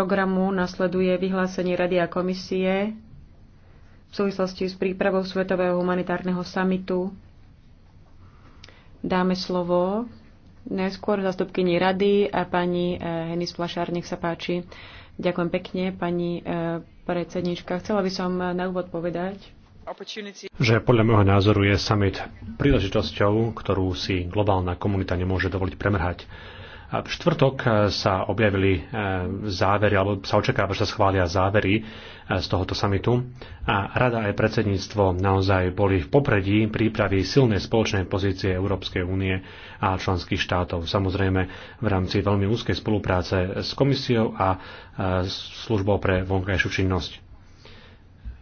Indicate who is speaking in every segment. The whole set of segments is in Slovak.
Speaker 1: programu nasleduje vyhlásenie Rady a komisie v súvislosti s prípravou Svetového humanitárneho samitu. Dáme slovo neskôr zastupkyni Rady a pani eh, Henis Plašár, nech sa páči. Ďakujem pekne, pani eh, predsednička. Chcela by som eh, na úvod povedať,
Speaker 2: že podľa môjho názoru je summit príležitosťou, ktorú si globálna komunita nemôže dovoliť premrhať. V štvrtok e, sa objavili e, závery, alebo sa očakáva, že sa schvália závery e, z tohoto samitu a rada aj predsedníctvo naozaj boli v popredí prípravy silnej spoločnej pozície Európskej únie a členských štátov. Samozrejme v rámci veľmi úzkej spolupráce s komisiou a službou pre vonkajšiu činnosť.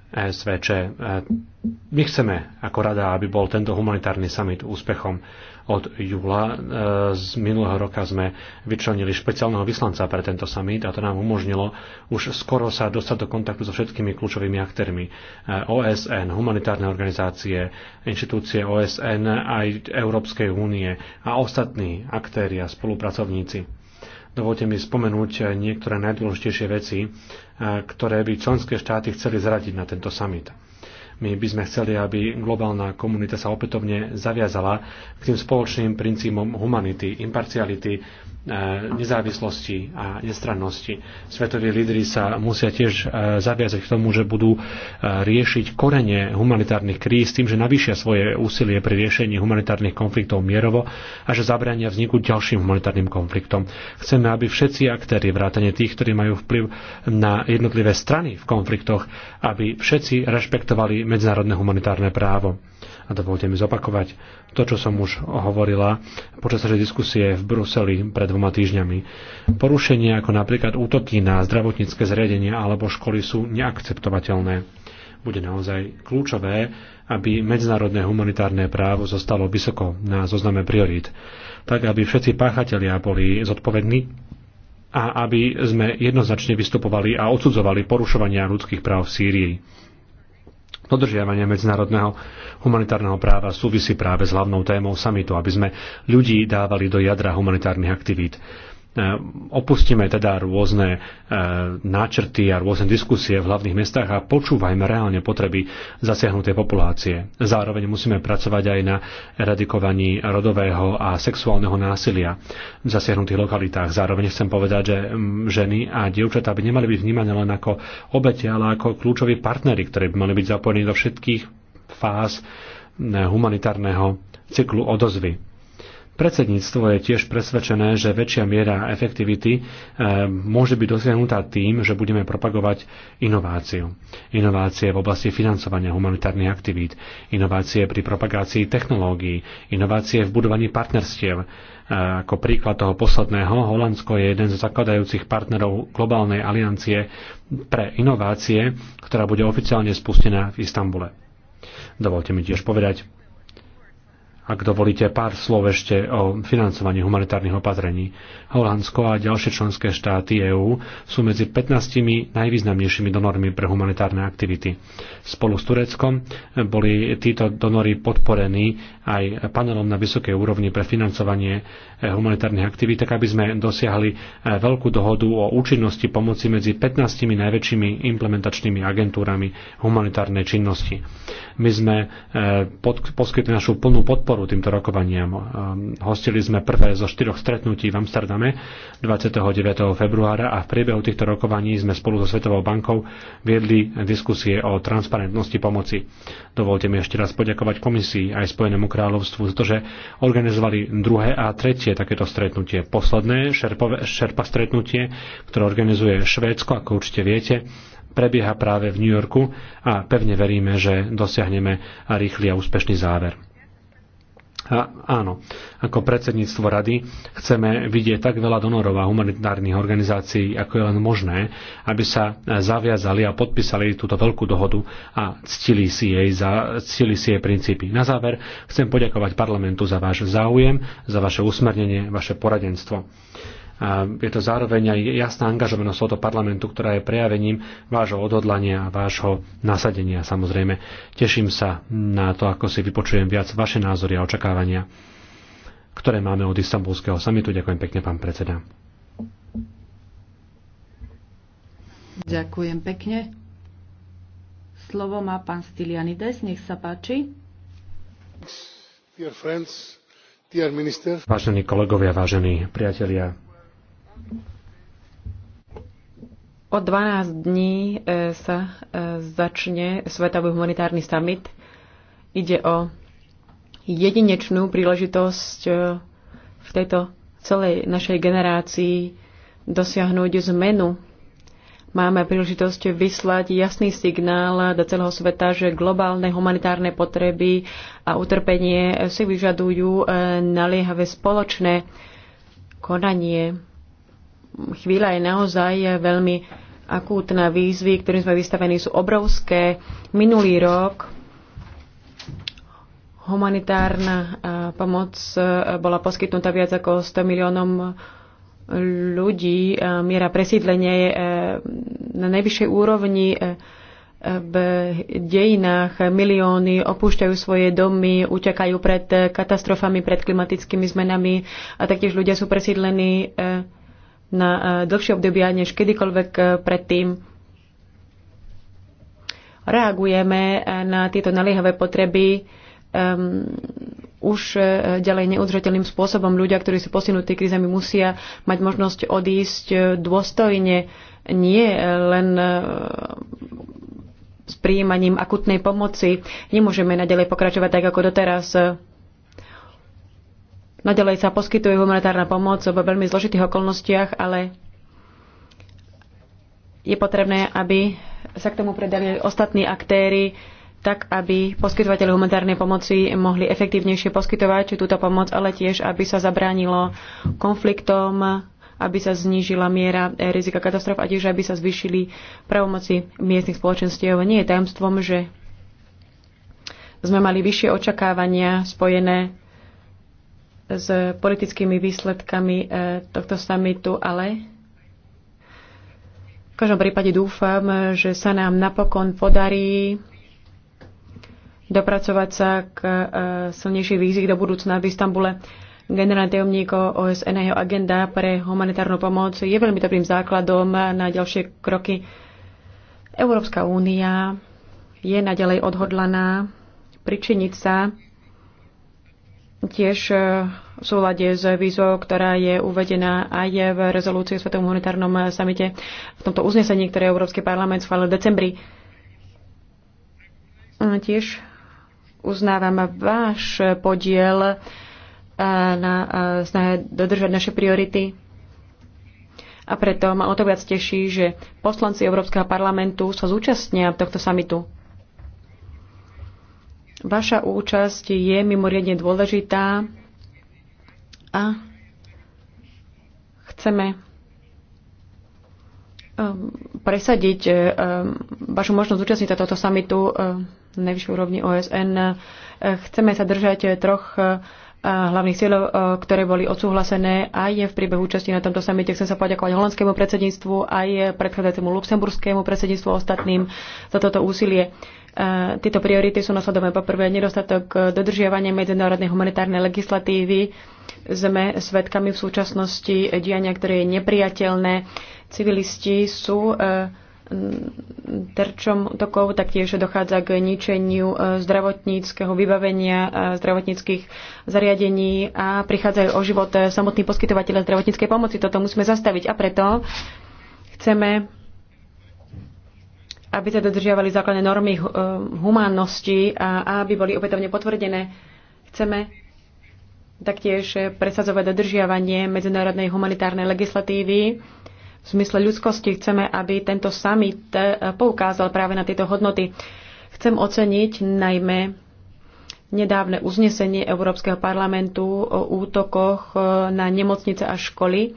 Speaker 2: SVČ. My chceme ako rada, aby bol tento humanitárny summit úspechom. Od júla e, z minulého roka sme vyčlenili špeciálneho vyslanca pre tento summit a to nám umožnilo už skoro sa dostať do kontaktu so všetkými kľúčovými aktérmi. E, OSN, humanitárne organizácie, inštitúcie OSN aj Európskej únie a ostatní aktéri a spolupracovníci. Dovolte mi spomenúť niektoré najdôležitejšie veci, e, ktoré by členské štáty chceli zradiť na tento summit. My by sme chceli, aby globálna komunita sa opätovne zaviazala k tým spoločným princípom humanity, imparciality, E, nezávislosti a nestrannosti. Svetoví lídry sa musia tiež e, zaviazať k tomu, že budú e, riešiť korene humanitárnych kríz tým, že navýšia svoje úsilie pri riešení humanitárnych konfliktov mierovo a že zabrania vzniku ďalším humanitárnym konfliktom. Chceme, aby všetci aktéri, vrátane tých, ktorí majú vplyv na jednotlivé strany v konfliktoch, aby všetci rešpektovali medzinárodné humanitárne právo. A dovolte mi zopakovať to, čo som už hovorila počas našej diskusie v Bruseli pred dvoma týždňami. Porušenia ako napríklad útoky na zdravotnícke zriadenia alebo školy sú neakceptovateľné. Bude naozaj kľúčové, aby medzinárodné humanitárne právo zostalo vysoko na zozname priorít, tak aby všetci páchatelia boli zodpovední a aby sme jednoznačne vystupovali a odsudzovali porušovania ľudských práv v Sýrii. Dodržiavania medzinárodného humanitárneho práva súvisí práve s hlavnou témou samitu, aby sme ľudí dávali do jadra humanitárnych aktivít. E, opustíme teda rôzne e, náčrty a rôzne diskusie v hlavných mestách a počúvajme reálne potreby zasiahnutej populácie. Zároveň musíme pracovať aj na eradikovaní rodového a sexuálneho násilia v zasiahnutých lokalitách. Zároveň chcem povedať, že ženy a dievčatá by nemali byť vnímané len ako obete, ale ako kľúčoví partnery, ktorí by mali byť zapojení do všetkých fáz e, humanitárneho cyklu odozvy Predsedníctvo je tiež presvedčené, že väčšia miera efektivity eh, môže byť dosiahnutá tým, že budeme propagovať inováciu. Inovácie v oblasti financovania humanitárnych aktivít, inovácie pri propagácii technológií, inovácie v budovaní partnerstiev. Eh, ako príklad toho posledného, Holandsko je jeden z zakladajúcich partnerov globálnej aliancie pre inovácie, ktorá bude oficiálne spustená v Istambule. Dovolte mi tiež povedať, ak dovolíte pár slov ešte o financovaní humanitárnych opatrení. Holandsko a ďalšie členské štáty EÚ sú medzi 15 najvýznamnejšími donormi pre humanitárne aktivity. Spolu s Tureckom boli títo donory podporení aj panelom na vysokej úrovni pre financovanie eh, humanitárnych aktivít, tak aby sme dosiahli eh, veľkú dohodu o účinnosti pomoci medzi 15 najväčšími implementačnými agentúrami humanitárnej činnosti. My sme eh, poskytli našu plnú podporu podporu týmto rokovaniam. Ehm, hostili sme prvé zo štyroch stretnutí v Amsterdame 29. februára a v priebehu týchto rokovaní sme spolu so Svetovou bankou viedli diskusie o transparentnosti pomoci. Dovolte mi ešte raz poďakovať komisii aj Spojenému kráľovstvu za to, že organizovali druhé a tretie takéto stretnutie. Posledné šerpové, šerpa stretnutie, ktoré organizuje Švédsko, ako určite viete, prebieha práve v New Yorku a pevne veríme, že dosiahneme rýchly a úspešný záver áno, ako predsedníctvo rady chceme vidieť tak veľa donorov a humanitárnych organizácií, ako je len možné, aby sa zaviazali a podpísali túto veľkú dohodu a ctili si jej, za, ctili si jej princípy. Na záver chcem poďakovať parlamentu za váš záujem, za vaše usmernenie, vaše poradenstvo. Je to zároveň aj jasná angažovanosť tohto parlamentu, ktorá je prejavením vášho odhodlania a vášho nasadenia samozrejme. Teším sa na to, ako si vypočujem viac vaše názory a očakávania, ktoré máme od istambulského samitu. Ďakujem pekne, pán predseda.
Speaker 3: Ďakujem pekne. Slovo má pán Stylianides, nech
Speaker 1: sa páči.
Speaker 2: Dear friends, dear minister. Vážení kolegovia, vážení priatelia,
Speaker 1: O 12 dní e, sa e, začne Svetový humanitárny summit. Ide o jedinečnú príležitosť e, v tejto celej našej generácii dosiahnuť zmenu. Máme príležitosť vyslať jasný signál do celého sveta, že globálne humanitárne potreby a utrpenie si vyžadujú naliehavé spoločné konanie chvíľa je naozaj veľmi akútna. Výzvy, ktorým sme vystavení, sú obrovské. Minulý rok humanitárna pomoc bola poskytnutá viac ako 100 miliónom ľudí. Miera presídlenia je na najvyššej úrovni v dejinách. Milióny opúšťajú svoje domy, utekajú pred katastrofami, pred klimatickými zmenami a taktiež ľudia sú presídlení na e, dlhšie obdobia než kedykoľvek e, predtým. Reagujeme e, na tieto naliehavé potreby um, už ďalej neudržateľným spôsobom. Ľudia, ktorí sú posunutí krízami, musia mať možnosť odísť dôstojne, nie len s príjmaním akutnej pomoci. Nemôžeme naďalej pokračovať tak ako doteraz Naďalej sa poskytuje humanitárna pomoc vo veľmi zložitých okolnostiach, ale je potrebné, aby sa k tomu predali ostatní aktéry, tak aby poskytovateľi humanitárnej pomoci mohli efektívnejšie poskytovať túto pomoc, ale tiež, aby sa zabránilo konfliktom, aby sa znížila miera rizika katastrof a tiež, aby sa zvýšili pravomoci miestnych spoločenstiev. Nie je tajomstvom, že sme mali vyššie očakávania spojené s politickými výsledkami e, tohto samitu, ale v každom prípade dúfam, že sa nám napokon podarí dopracovať sa k e, silnejšej vízii do budúcna v Istambule. Generálny tajomník OSN a jeho agenda pre humanitárnu pomoc je veľmi dobrým základom na ďalšie kroky. Európska únia je naďalej odhodlaná pričiniť sa tiež e, v súlade s výzvou, ktorá je uvedená aj v rezolúcii o Svetovom humanitárnom samite v tomto uznesení, ktoré Európsky parlament schválil v decembri. Tiež uznávam váš podiel e, na e, snahe dodržať naše priority. A preto ma o to viac teší, že poslanci Európskeho parlamentu sa zúčastnia tohto samitu. Vaša účasť je mimoriadne dôležitá a chceme um, presadiť um, vašu možnosť zúčastniť sa tohto samitu um, na najvyššej úrovni OSN. Uh, chceme sa držať uh, troch uh, hlavných cieľov, ktoré boli odsúhlasené aj v priebehu účasti na tomto samite. Chcem sa poďakovať holandskému predsedníctvu, aj predchádzajúcemu luxemburskému predsedníctvu ostatným za toto úsilie. Tieto priority sú nasledovné. Poprvé, nedostatok e, dodržiavania medzinárodnej humanitárnej legislatívy. Sme svedkami v súčasnosti diania, ktoré je nepriateľné. Civilisti sú e, terčom tokov, taktiež dochádza k ničeniu e, zdravotníckého vybavenia, zdravotníckých zariadení a prichádzajú o život samotní poskytovateľe zdravotníckej pomoci. Toto musíme zastaviť a preto chceme aby sa dodržiavali základné normy eh, humánnosti a aby boli opätovne potvrdené. Chceme taktiež presadzovať dodržiavanie medzinárodnej humanitárnej legislatívy. V zmysle ľudskosti chceme, aby tento summit eh, poukázal práve na tieto hodnoty. Chcem oceniť najmä nedávne uznesenie Európskeho parlamentu o útokoch eh, na nemocnice a školy,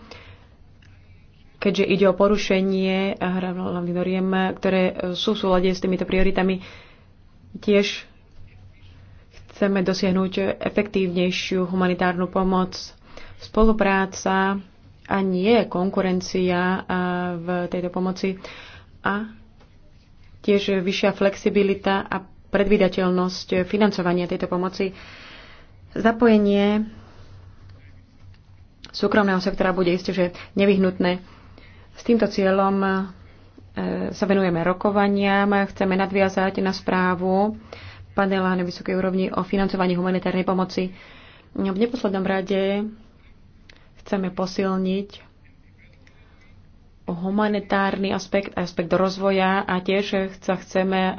Speaker 1: keďže ide o porušenie hlavných noriem, ktoré sú v súlade s týmito prioritami, tiež chceme dosiahnuť efektívnejšiu humanitárnu pomoc. Spolupráca a nie konkurencia v tejto pomoci a tiež vyššia flexibilita a predvydateľnosť financovania tejto pomoci. Zapojenie súkromného sektora bude isté, že nevyhnutné s týmto cieľom e, sa venujeme rokovaniam, chceme nadviazať na správu panela na vysokej úrovni o financovaní humanitárnej pomoci. V neposlednom rade chceme posilniť humanitárny aspekt, aspekt rozvoja a tiež sa chceme e,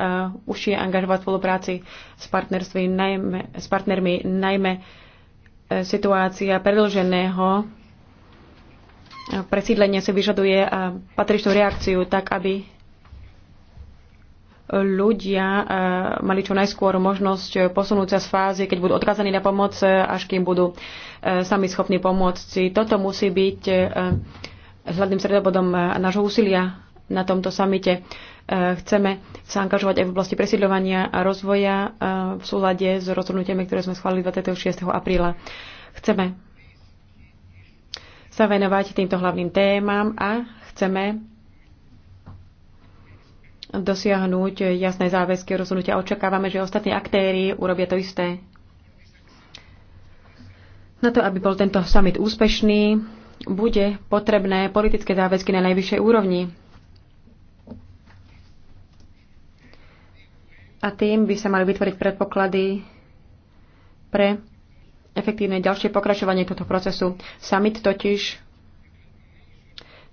Speaker 1: užšie angažovať v spolupráci s, najmä, s partnermi, najmä e, situácia predlženého presídlenie si vyžaduje patričnú reakciu, tak aby ľudia eh, mali čo najskôr možnosť posunúť sa z fázy, keď budú odkazaní na pomoc, až kým budú eh, sami schopní pomôcť si. Toto musí byť eh, hľadným stredobodom nášho úsilia na tomto samite. Chceme sa angažovať aj v oblasti presídľovania a rozvoja v súlade s rozhodnutiami, ktoré sme schválili 26. apríla. Chceme sa venovať týmto hlavným témam a chceme dosiahnuť jasné záväzky rozhodnutia. Očakávame, že ostatní aktéry urobia to isté. Na to, aby bol tento summit úspešný, bude potrebné politické záväzky na najvyššej úrovni. A tým by sa mali vytvoriť predpoklady pre efektívne ďalšie pokračovanie tohto procesu. Summit totiž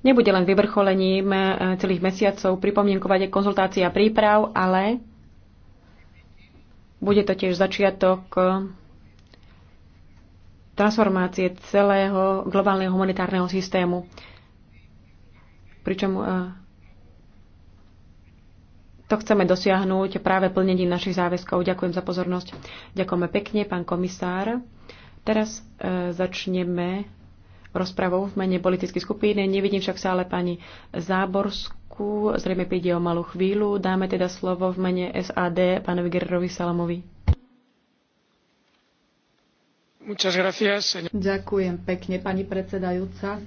Speaker 1: nebude len vyvrcholením eh, celých mesiacov pripomienkovať aj konzultácia príprav, ale bude to tiež začiatok eh, transformácie celého globálneho humanitárneho systému. Pričom eh, to chceme dosiahnuť práve plnením našich záväzkov. Ďakujem za pozornosť. Ďakujeme pekne, pán komisár. Teraz e, začneme rozpravou v mene politických skupín. Nevidím však sále pani Záborskú. Zrejme príde o malú chvíľu. Dáme teda slovo v mene SAD pánovi Gerrovi Salamovi. Ďakujem
Speaker 3: pekne, pani predsedajúca.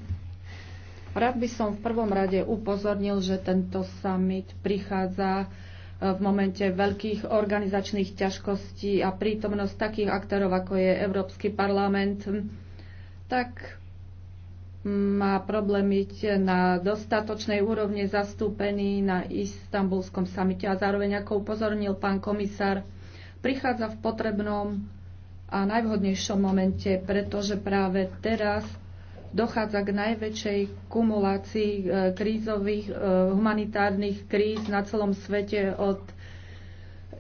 Speaker 3: Rád by som v prvom rade upozornil, že tento summit prichádza v momente veľkých organizačných ťažkostí a prítomnosť takých aktérov, ako je Európsky parlament, tak má problém byť na dostatočnej úrovne zastúpený na istambulskom samite a zároveň, ako upozornil pán komisár, prichádza v potrebnom a najvhodnejšom momente, pretože práve teraz dochádza k najväčšej kumulácii e, krízových e, humanitárnych kríz na celom svete od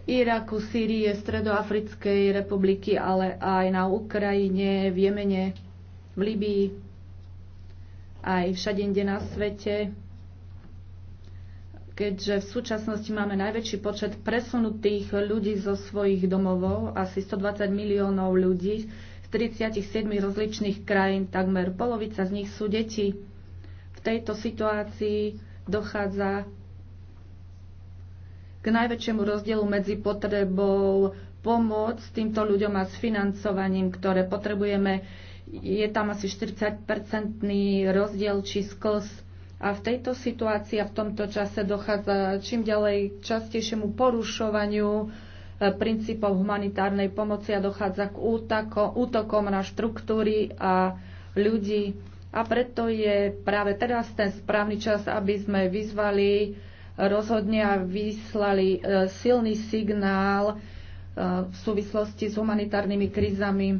Speaker 3: Iraku, Sýrie, Stredoafrickej republiky, ale aj na Ukrajine, v Jemene, v Libii, aj všade inde na svete. Keďže v súčasnosti máme najväčší počet presunutých ľudí zo svojich domovov, asi 120 miliónov ľudí, 37 rozličných krajín, takmer polovica z nich sú deti. V tejto situácii dochádza k najväčšiemu rozdielu medzi potrebou pomôcť týmto ľuďom a s financovaním, ktoré potrebujeme. Je tam asi 40-percentný rozdiel či sklz. A v tejto situácii a v tomto čase dochádza čím ďalej častejšiemu porušovaniu E, princípov humanitárnej pomoci a dochádza k útokom na štruktúry a ľudí. A preto je práve teraz ten správny čas, aby sme vyzvali rozhodne a vyslali e, silný signál e, v súvislosti s humanitárnymi krízami.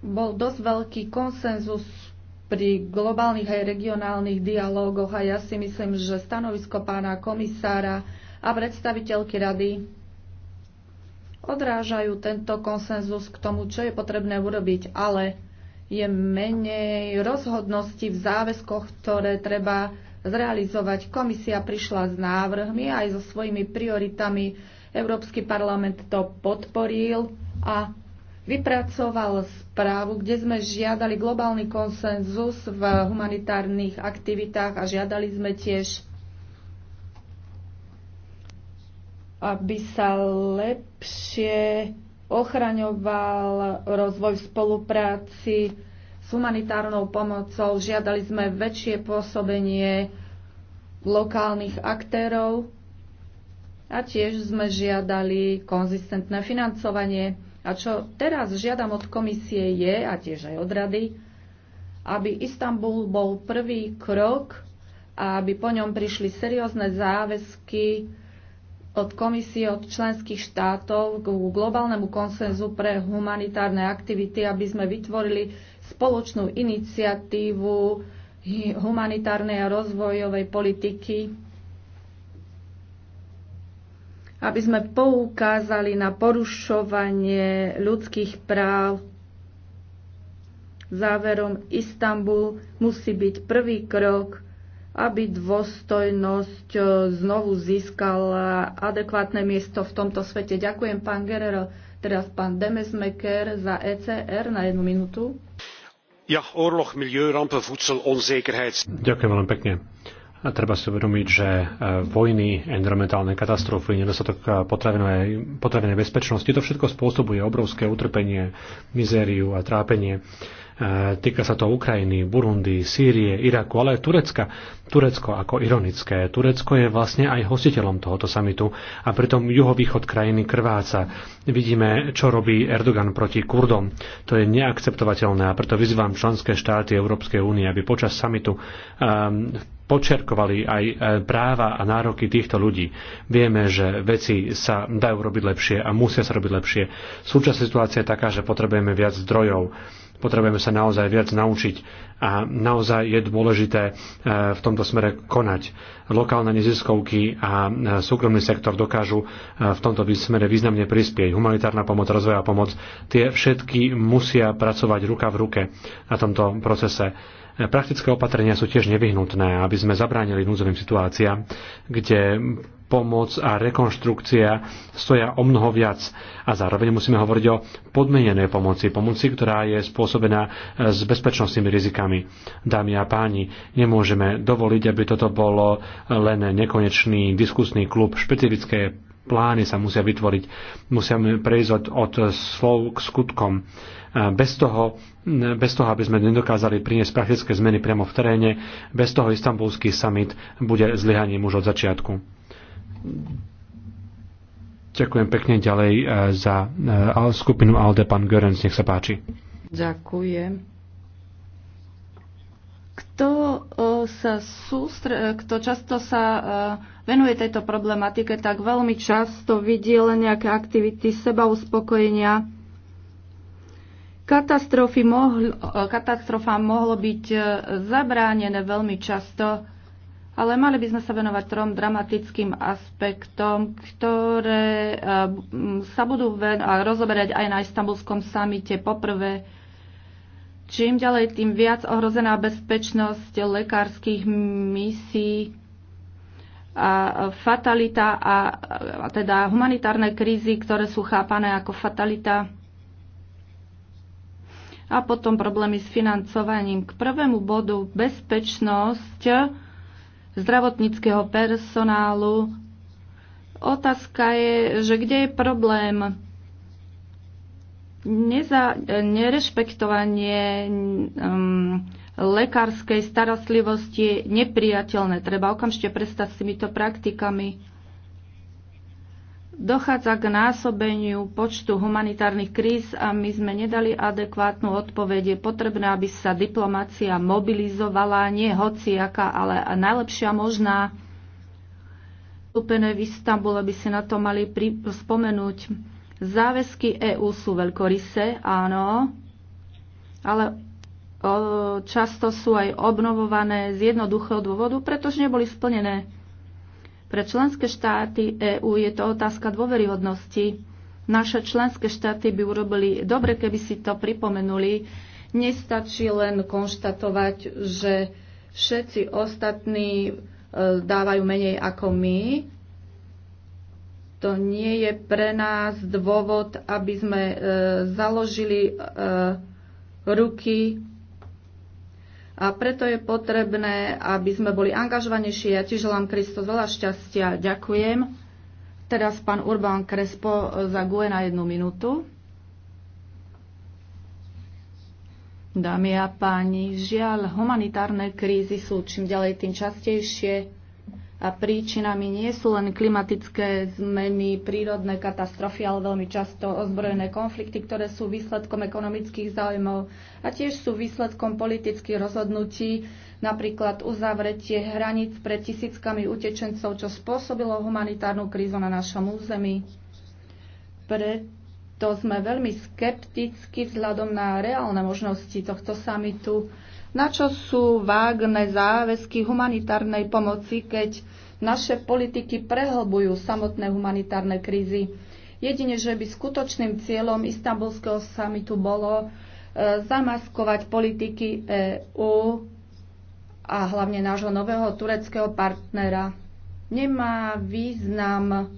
Speaker 3: Bol dosť veľký konsenzus pri globálnych aj regionálnych dialógoch a ja si myslím, že stanovisko pána komisára a predstaviteľky rady odrážajú tento konsenzus k tomu, čo je potrebné urobiť, ale je menej rozhodnosti v záväzkoch, ktoré treba zrealizovať. Komisia prišla s návrhmi aj so svojimi prioritami. Európsky parlament to podporil a vypracoval správu, kde sme žiadali globálny konsenzus v humanitárnych aktivitách a žiadali sme tiež aby sa lepšie ochraňoval rozvoj v spolupráci s humanitárnou pomocou. Žiadali sme väčšie pôsobenie lokálnych aktérov a tiež sme žiadali konzistentné financovanie. A čo teraz žiadam od komisie je, a tiež aj od rady, aby Istanbul bol prvý krok a aby po ňom prišli seriózne záväzky od komisie, od členských štátov k globálnemu konsenzu pre humanitárne aktivity, aby sme vytvorili spoločnú iniciatívu humanitárnej a rozvojovej politiky, aby sme poukázali na porušovanie ľudských práv. Záverom Istanbul musí byť prvý krok aby dôstojnosť e, znovu získala adekvátne miesto v tomto svete. Ďakujem, pán Gerero. Teraz pán Demesmeker za ECR na jednu minútu.
Speaker 2: Ja, oorlog, milieurampen, vúcel, onzekerheid. Ďakujem veľmi pekne. A treba si uvedomiť, že e, vojny, environmentálne katastrofy, nedostatok e, potravinovej bezpečnosti, to všetko spôsobuje obrovské utrpenie, mizériu a trápenie. E, týka sa to Ukrajiny, Burundi, Sýrie, Iraku, ale aj Turecka. Turecko ako ironické. Turecko je vlastne aj hostiteľom tohoto samitu a pritom juhovýchod krajiny krváca. Vidíme, čo robí Erdogan proti Kurdom. To je neakceptovateľné a preto vyzývam členské štáty Európskej únie, aby počas samitu um, počerkovali aj e, práva a nároky týchto ľudí. Vieme, že veci sa dajú robiť lepšie a musia sa robiť lepšie. Súčasná situácia je taká, že potrebujeme viac zdrojov. Potrebujeme sa naozaj viac naučiť a naozaj je dôležité e, v tomto smere konať. Lokálne neziskovky a e, súkromný sektor dokážu e, v tomto smere významne prispieť. Humanitárna pomoc, rozvojová pomoc, tie všetky musia pracovať ruka v ruke na tomto procese Praktické opatrenia sú tiež nevyhnutné, aby sme zabránili núdzovým situáciám, kde pomoc a rekonštrukcia stoja o mnoho viac. A zároveň musíme hovoriť o podmenenej pomoci, pomoci, ktorá je spôsobená e, s bezpečnostnými rizikami. Dámy a páni, nemôžeme dovoliť, aby toto bolo len nekonečný diskusný klub. Špecifické plány sa musia vytvoriť. Musíme prejsť od, od slov k skutkom. Bez toho, bez toho, aby sme nedokázali priniesť praktické zmeny priamo v teréne, bez toho istambulský summit bude zlyhaním už od začiatku. Ďakujem pekne ďalej e, za e, skupinu ALDE, pán Görens, nech sa páči.
Speaker 3: Ďakujem kto e, sa sústre, kto často sa venuje tejto problematike, tak veľmi často vidie len nejaké aktivity seba uspokojenia. Katastrofy katastrofa mohlo byť e, zabránené veľmi často, ale mali by sme sa venovať trom dramatickým aspektom, ktoré e, sa budú rozoberať aj na istambulskom samite. Poprvé, čím ďalej, tým viac ohrozená bezpečnosť lekárskych misií a fatalita a, a teda humanitárne krízy, ktoré sú chápané ako fatalita a potom problémy s financovaním. K prvému bodu bezpečnosť zdravotníckého personálu. Otázka je, že kde je problém Neza, nerešpektovanie um, mm, lekárskej starostlivosti je nepriateľné. Treba okamžite prestať s týmito praktikami. Dochádza k násobeniu počtu humanitárnych kríz a my sme nedali adekvátnu odpoveď. Je potrebné, aby sa diplomácia mobilizovala, nie hociaká, ale najlepšia možná. Vstúpené v Istambule by si na to mali spomenúť. Záväzky EÚ sú veľkorysé, áno, ale často sú aj obnovované z jednoduchého dôvodu, pretože neboli splnené. Pre členské štáty EÚ je to otázka dôveryhodnosti. Naše členské štáty by urobili dobre, keby si to pripomenuli. Nestačí len konštatovať, že všetci ostatní e, dávajú menej ako my. To nie je pre nás dôvod, aby sme e, založili e, ruky a preto je potrebné, aby sme boli angažovanejší. Ja tiež želám Kristus veľa šťastia. Ďakujem. Teraz pán Urbán Krespo za GUE na jednu minútu. Dámy a páni, žiaľ, humanitárne krízy sú čím ďalej tým častejšie a príčinami nie sú len klimatické zmeny, prírodné katastrofy, ale veľmi často ozbrojené konflikty, ktoré sú výsledkom ekonomických záujmov a tiež sú výsledkom politických rozhodnutí, napríklad uzavretie hraníc pred tisíckami utečencov, čo spôsobilo humanitárnu krízu na našom území. Pred to sme veľmi skepticky vzhľadom na reálne možnosti tohto samitu. Na čo sú vágne záväzky humanitárnej pomoci, keď naše politiky prehlbujú samotné humanitárne krízy? Jedine, že by skutočným cieľom istambulského samitu bolo e, zamaskovať politiky EÚ a hlavne nášho nového tureckého partnera. Nemá význam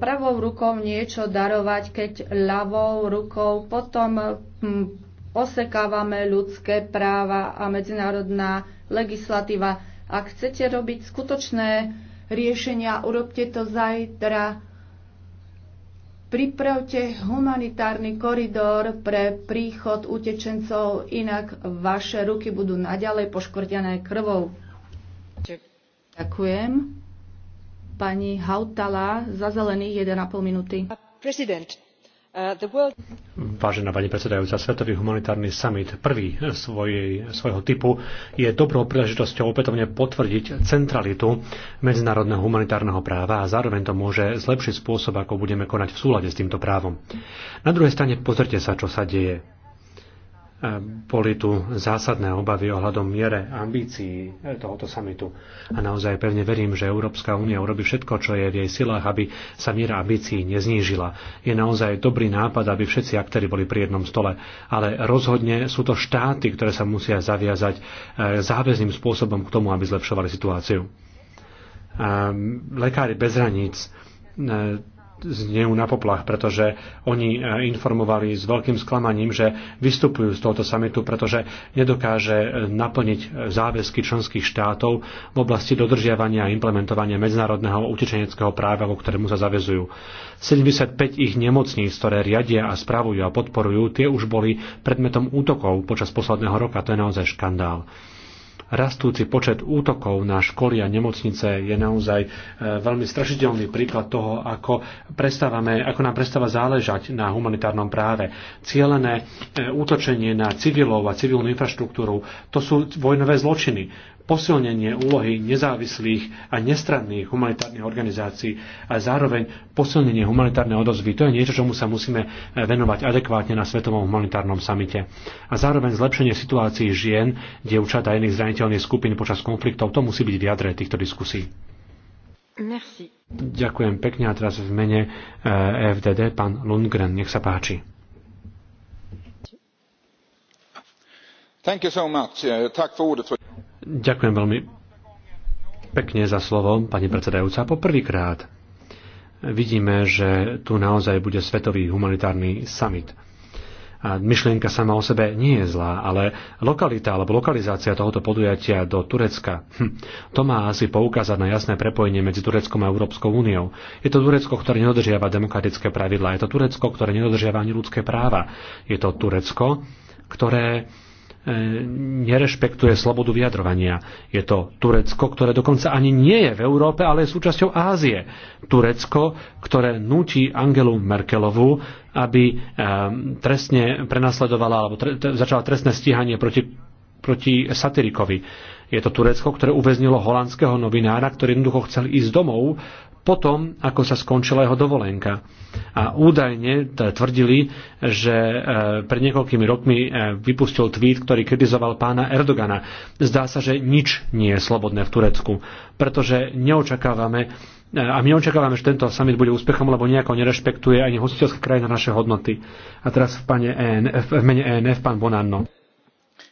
Speaker 3: pravou rukou niečo darovať, keď ľavou rukou potom hm, osekávame ľudské práva a medzinárodná legislatíva. Ak chcete robiť skutočné riešenia, urobte to zajtra. Pripravte humanitárny koridor pre príchod utečencov, inak vaše ruky budú naďalej poškvrtené krvou. Ďakujem. Pani Hautala za zelených 1,5 minúty. Uh,
Speaker 2: Vážená pani predsedajúca, Svetový humanitárny summit, prvý svojej, svojho typu, je dobrou príležitosťou opätovne potvrdiť centralitu medzinárodného humanitárneho práva a zároveň to môže zlepšiť spôsob, ako budeme konať v súlade s týmto právom. Na druhej strane pozrite sa, čo sa deje boli tu zásadné obavy ohľadom miere ambícií tohoto samitu. A naozaj pevne verím, že Európska únia urobi všetko, čo je v jej silách, aby sa miera ambícií neznížila. Je naozaj dobrý nápad, aby všetci aktéri boli pri jednom stole. Ale rozhodne sú to štáty, ktoré sa musia zaviazať e, záväzným spôsobom k tomu, aby zlepšovali situáciu. Ehm, lekári bez hraníc e, znejú na poplach, pretože oni e, informovali s veľkým sklamaním, že vystupujú z tohoto samitu, pretože nedokáže e, naplniť e, záväzky členských štátov v oblasti dodržiavania a implementovania medzinárodného utečeneckého práva, vo ktorému sa zavezujú. 75 ich nemocníc, ktoré riadia a spravujú a podporujú, tie už boli predmetom útokov počas posledného roka. To je naozaj škandál rastúci počet útokov na školy a nemocnice je naozaj e, veľmi strašidelný príklad toho, ako, ako nám prestáva záležať na humanitárnom práve. Cielené e, útočenie na civilov a civilnú infraštruktúru, to sú vojnové zločiny posilnenie úlohy nezávislých a nestranných humanitárnych organizácií a zároveň posilnenie humanitárnej odozvy. To je niečo, čomu sa musíme eh, venovať adekvátne na Svetovom humanitárnom samite. A zároveň zlepšenie situácií žien, dievčat a iných zraniteľných skupín počas konfliktov, to musí byť v jadre týchto diskusí. Merci. Ďakujem pekne a teraz v mene eh, FDD pán Lundgren, nech sa páči. Thank you so much. Eh, tak for for... Ďakujem veľmi pekne za slovo, pani predsedajúca. Po prvýkrát vidíme, že tu naozaj bude svetový humanitárny summit. A myšlienka sama o sebe nie je zlá, ale lokalita alebo lokalizácia tohoto podujatia do Turecka, hm, to má asi poukázať na jasné prepojenie medzi Tureckom a Európskou úniou. Je to Turecko, ktoré nedodržiava demokratické pravidlá, je to Turecko, ktoré nedodržiava ani ľudské práva, je to Turecko, ktoré E, nerešpektuje slobodu vyjadrovania. Je to Turecko, ktoré dokonca ani nie je v Európe, ale je súčasťou Ázie. Turecko, ktoré nutí Angelu Merkelovu, aby e, trestne prenasledovala alebo tre, začala trestné stíhanie proti, proti satirikovi. Je to Turecko, ktoré uväznilo holandského novinára, ktorý jednoducho chcel ísť domov potom, ako sa skončila jeho dovolenka. A údajne tvrdili, že e, pred niekoľkými rokmi e, vypustil tweet, ktorý kritizoval pána Erdogana. Zdá sa, že nič nie je slobodné v Turecku, pretože neočakávame, e, a my očakávame, že tento summit bude úspechom, lebo nejako nerešpektuje ani hostiteľská krajina naše hodnoty. A teraz v, pane ENF, v mene ENF pán Bonanno.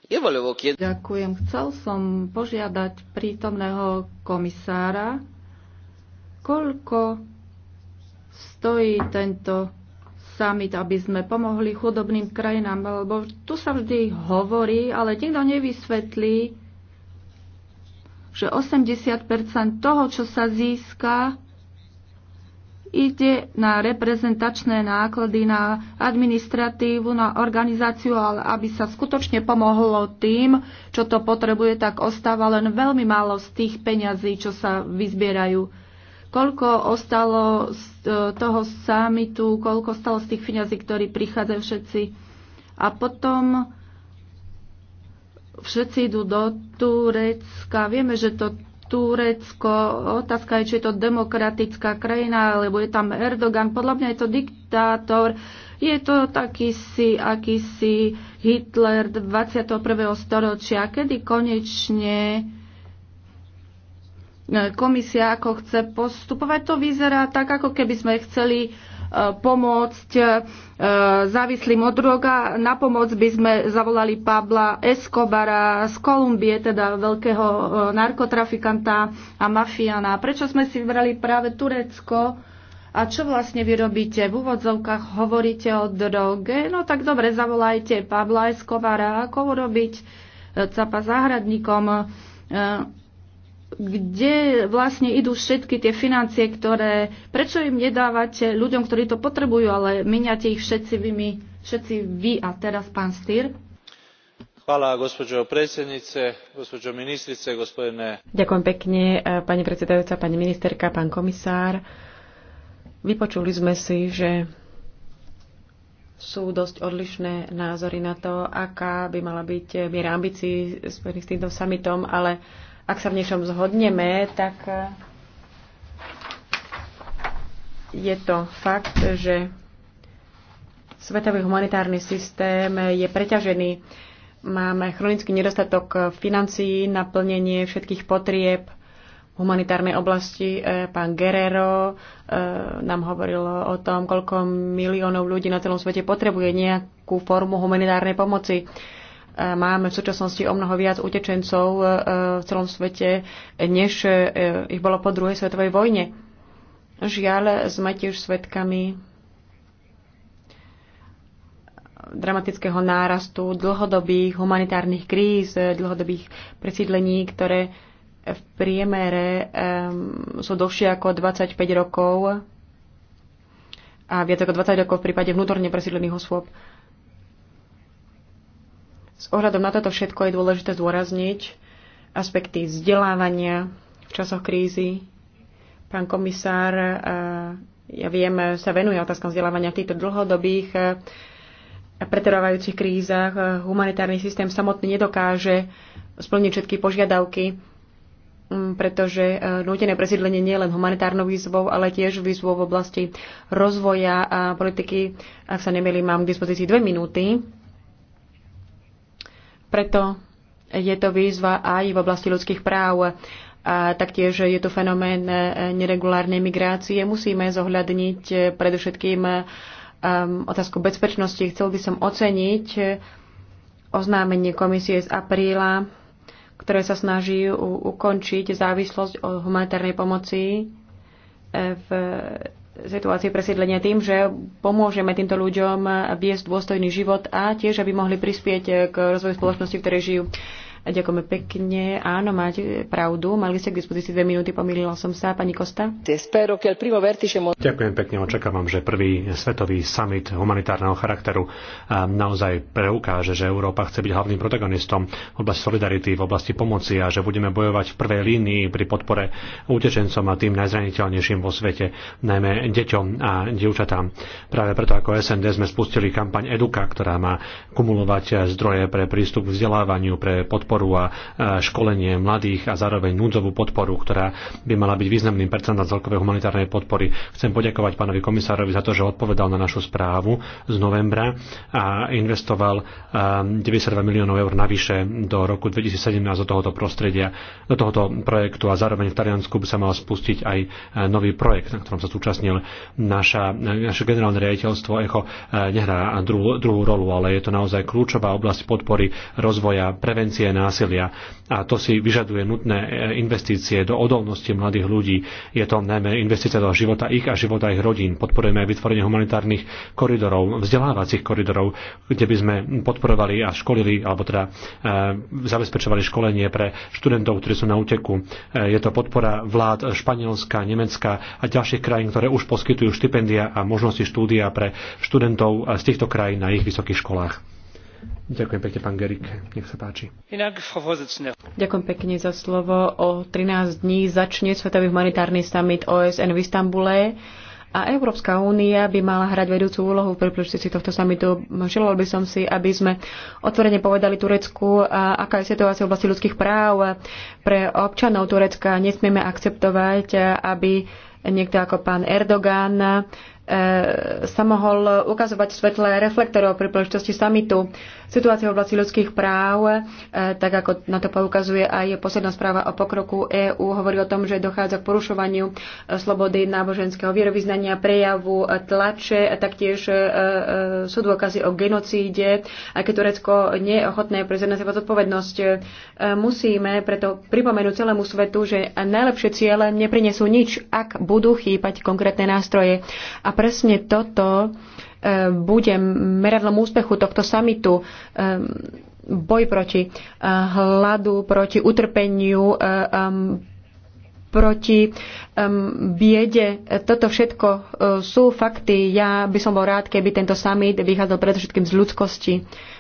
Speaker 1: Ďakujem.
Speaker 3: Chcel som požiadať prítomného komisára koľko stojí tento summit, aby sme pomohli chudobným krajinám, lebo tu sa vždy hovorí, ale nikto nevysvetlí, že 80 toho, čo sa získa, ide na reprezentačné náklady, na administratívu, na organizáciu, ale aby sa skutočne pomohlo tým, čo to potrebuje, tak ostáva len veľmi málo z tých peňazí, čo sa vyzbierajú koľko ostalo z e, toho samitu, koľko ostalo z tých peňazí, ktorí prichádzajú všetci. A potom všetci idú do Turecka. Vieme, že to Turecko, otázka je, či je to demokratická krajina, alebo je tam Erdogan. Podľa mňa je to diktátor. Je to taký si, akýsi Hitler 21. storočia, kedy konečne E, komisia ako chce postupovať, to vyzerá tak, ako keby sme chceli e, pomôcť e, závislým od droga. Na pomoc by sme zavolali Pabla Escobara z Kolumbie, teda veľkého narkotrafikanta a mafiana. Prečo sme si vybrali práve Turecko? A čo vlastne vy robíte? V úvodzovkách hovoríte o droge? No tak dobre, zavolajte Pabla Escobara. Ako urobiť capa záhradníkom? kde vlastne idú všetky tie financie, ktoré, prečo im nedávate ľuďom, ktorí to potrebujú, ale miniate ich všetci vy, my, všetci vy a teraz pán Styr.
Speaker 2: Hvala, gospođo predsjednice, gospođo ministrice, gospodine...
Speaker 1: Ďakujem pekne, e, pani predsedajúca, pani ministerka, pán komisár. Vypočuli sme si, že sú dosť odlišné názory na to, aká by mala byť miera ambícií spojených s týmto summitom, ale uh, ak sa v niečom zhodneme, tak e, je to fakt, že svetový humanitárny systém je preťažený. Máme chronický nedostatok financií na plnenie všetkých potrieb v humanitárnej oblasti. E, pán Guerrero e, nám hovoril o tom, koľko miliónov ľudí na celom svete potrebuje nejakú formu humanitárnej pomoci. Máme v súčasnosti o mnoho viac utečencov e, e, v celom svete, než e, ich bolo po druhej svetovej vojne. Žiaľ, sme tiež svetkami dramatického nárastu dlhodobých humanitárnych kríz, dlhodobých presídlení, ktoré v priemere um, sú dlhšie ako 25 rokov a viac ako 20 rokov v prípade vnútorne presídlených osôb. Uh, s ohľadom na toto všetko je dôležité zdôrazniť aspekty vzdelávania v časoch krízy. Pán komisár, e, ja viem, sa venuje otázkom vzdelávania v týchto dlhodobých e, pretrvávajúcich krízach. E, humanitárny systém samotný nedokáže splniť všetky požiadavky, pretože nútené presídlenie nie je len humanitárnou výzvou, ale tiež výzvou v oblasti rozvoja a politiky. Ak sa nemýlim, mám k dispozícii dve minúty. Preto je to výzva aj v oblasti ľudských práv a taktiež je to fenomén e, neregulárnej migrácie. Musíme zohľadniť e, predovšetkým e, otázku bezpečnosti. Chcel by som oceniť oznámenie komisie z apríla, ktoré sa snaží ukončiť závislosť o humanitárnej pomoci v situácii presídlenia tým, že pomôžeme týmto ľuďom viesť dôstojný život a tiež, aby mohli prispieť k rozvoju spoločnosti, v ktorej žijú. A ďakujeme pekne. Áno, máte pravdu. Mali ste k dispozícii dve minúty, pomýlila som sa. Pani Kosta? Ďakujem
Speaker 2: pekne. Očakávam, že prvý svetový summit humanitárneho charakteru naozaj preukáže, že Európa chce byť hlavným protagonistom v oblasti solidarity, v oblasti pomoci a že budeme bojovať v prvej línii pri podpore utečencom a tým najzraniteľnejším vo svete, najmä deťom a dievčatám. Práve preto ako SND sme spustili kampaň Eduka, ktorá má kumulovať zdroje pre prístup k vzdelávaniu, pre podporu podporu a školenie mladých a zároveň núdzovú podporu, ktorá by mala byť významným percentom celkovej humanitárnej podpory. Chcem poďakovať pánovi komisárovi za to, že odpovedal na našu správu z novembra a investoval 92 miliónov eur navyše do roku 2017 do tohoto prostredia, do tohoto projektu a zároveň v Taliansku by sa mal spustiť aj nový projekt, na ktorom sa zúčastnil naša, naše generálne riaditeľstvo ECHO nehrá druhú, druhú rolu, ale je to naozaj kľúčová oblasť podpory rozvoja prevencie na násilia. A to si vyžaduje nutné e, investície do odolnosti mladých ľudí. Je to najmä investícia do života ich a života ich rodín. Podporujeme aj vytvorenie humanitárnych koridorov, vzdelávacích koridorov, kde by sme podporovali a školili, alebo teda e, zabezpečovali školenie pre študentov, ktorí sú na úteku. E, je to podpora vlád Španielska, Nemecka a ďalších krajín, ktoré už poskytujú štipendia a možnosti štúdia pre študentov z týchto krajín na ich vysokých školách. Ďakujem pekne, pán Gerik. Nech sa páči.
Speaker 1: Ďakujem pekne za slovo. O 13 dní začne Svetový humanitárny summit OSN v Istambule a Európska únia by mala hrať vedúcu úlohu v príplučnici tohto samitu. Želoval by som si, aby sme otvorene povedali Turecku, aká je situácia v oblasti ľudských práv pre občanov Turecka. Nesmieme akceptovať, aby niekto ako pán Erdogan Eh, sa mohol ukazovať v svetle reflektorov pri príležitosti samitu. Situácia v oblasti ľudských práv, eh, tak ako na to poukazuje aj posledná správa o pokroku EÚ, hovorí o tom, že dochádza k porušovaniu eh, slobody náboženského vierovýznania, prejavu, tlače, a taktiež sú dôkazy o genocíde, aj keď Turecko nie je ochotné prezident seba zodpovednosť. Musíme preto pripomenúť celému svetu, že najlepšie ciele neprinesú nič, ak budú chýpať konkrétne nástroje. A presne toto e, bude meradlom úspechu tohto samitu. E, boj proti e, hladu, proti utrpeniu, proti biede. Toto všetko sú fakty. Ja by som bol rád, keby tento summit vychádzal predovšetkým z ľudskosti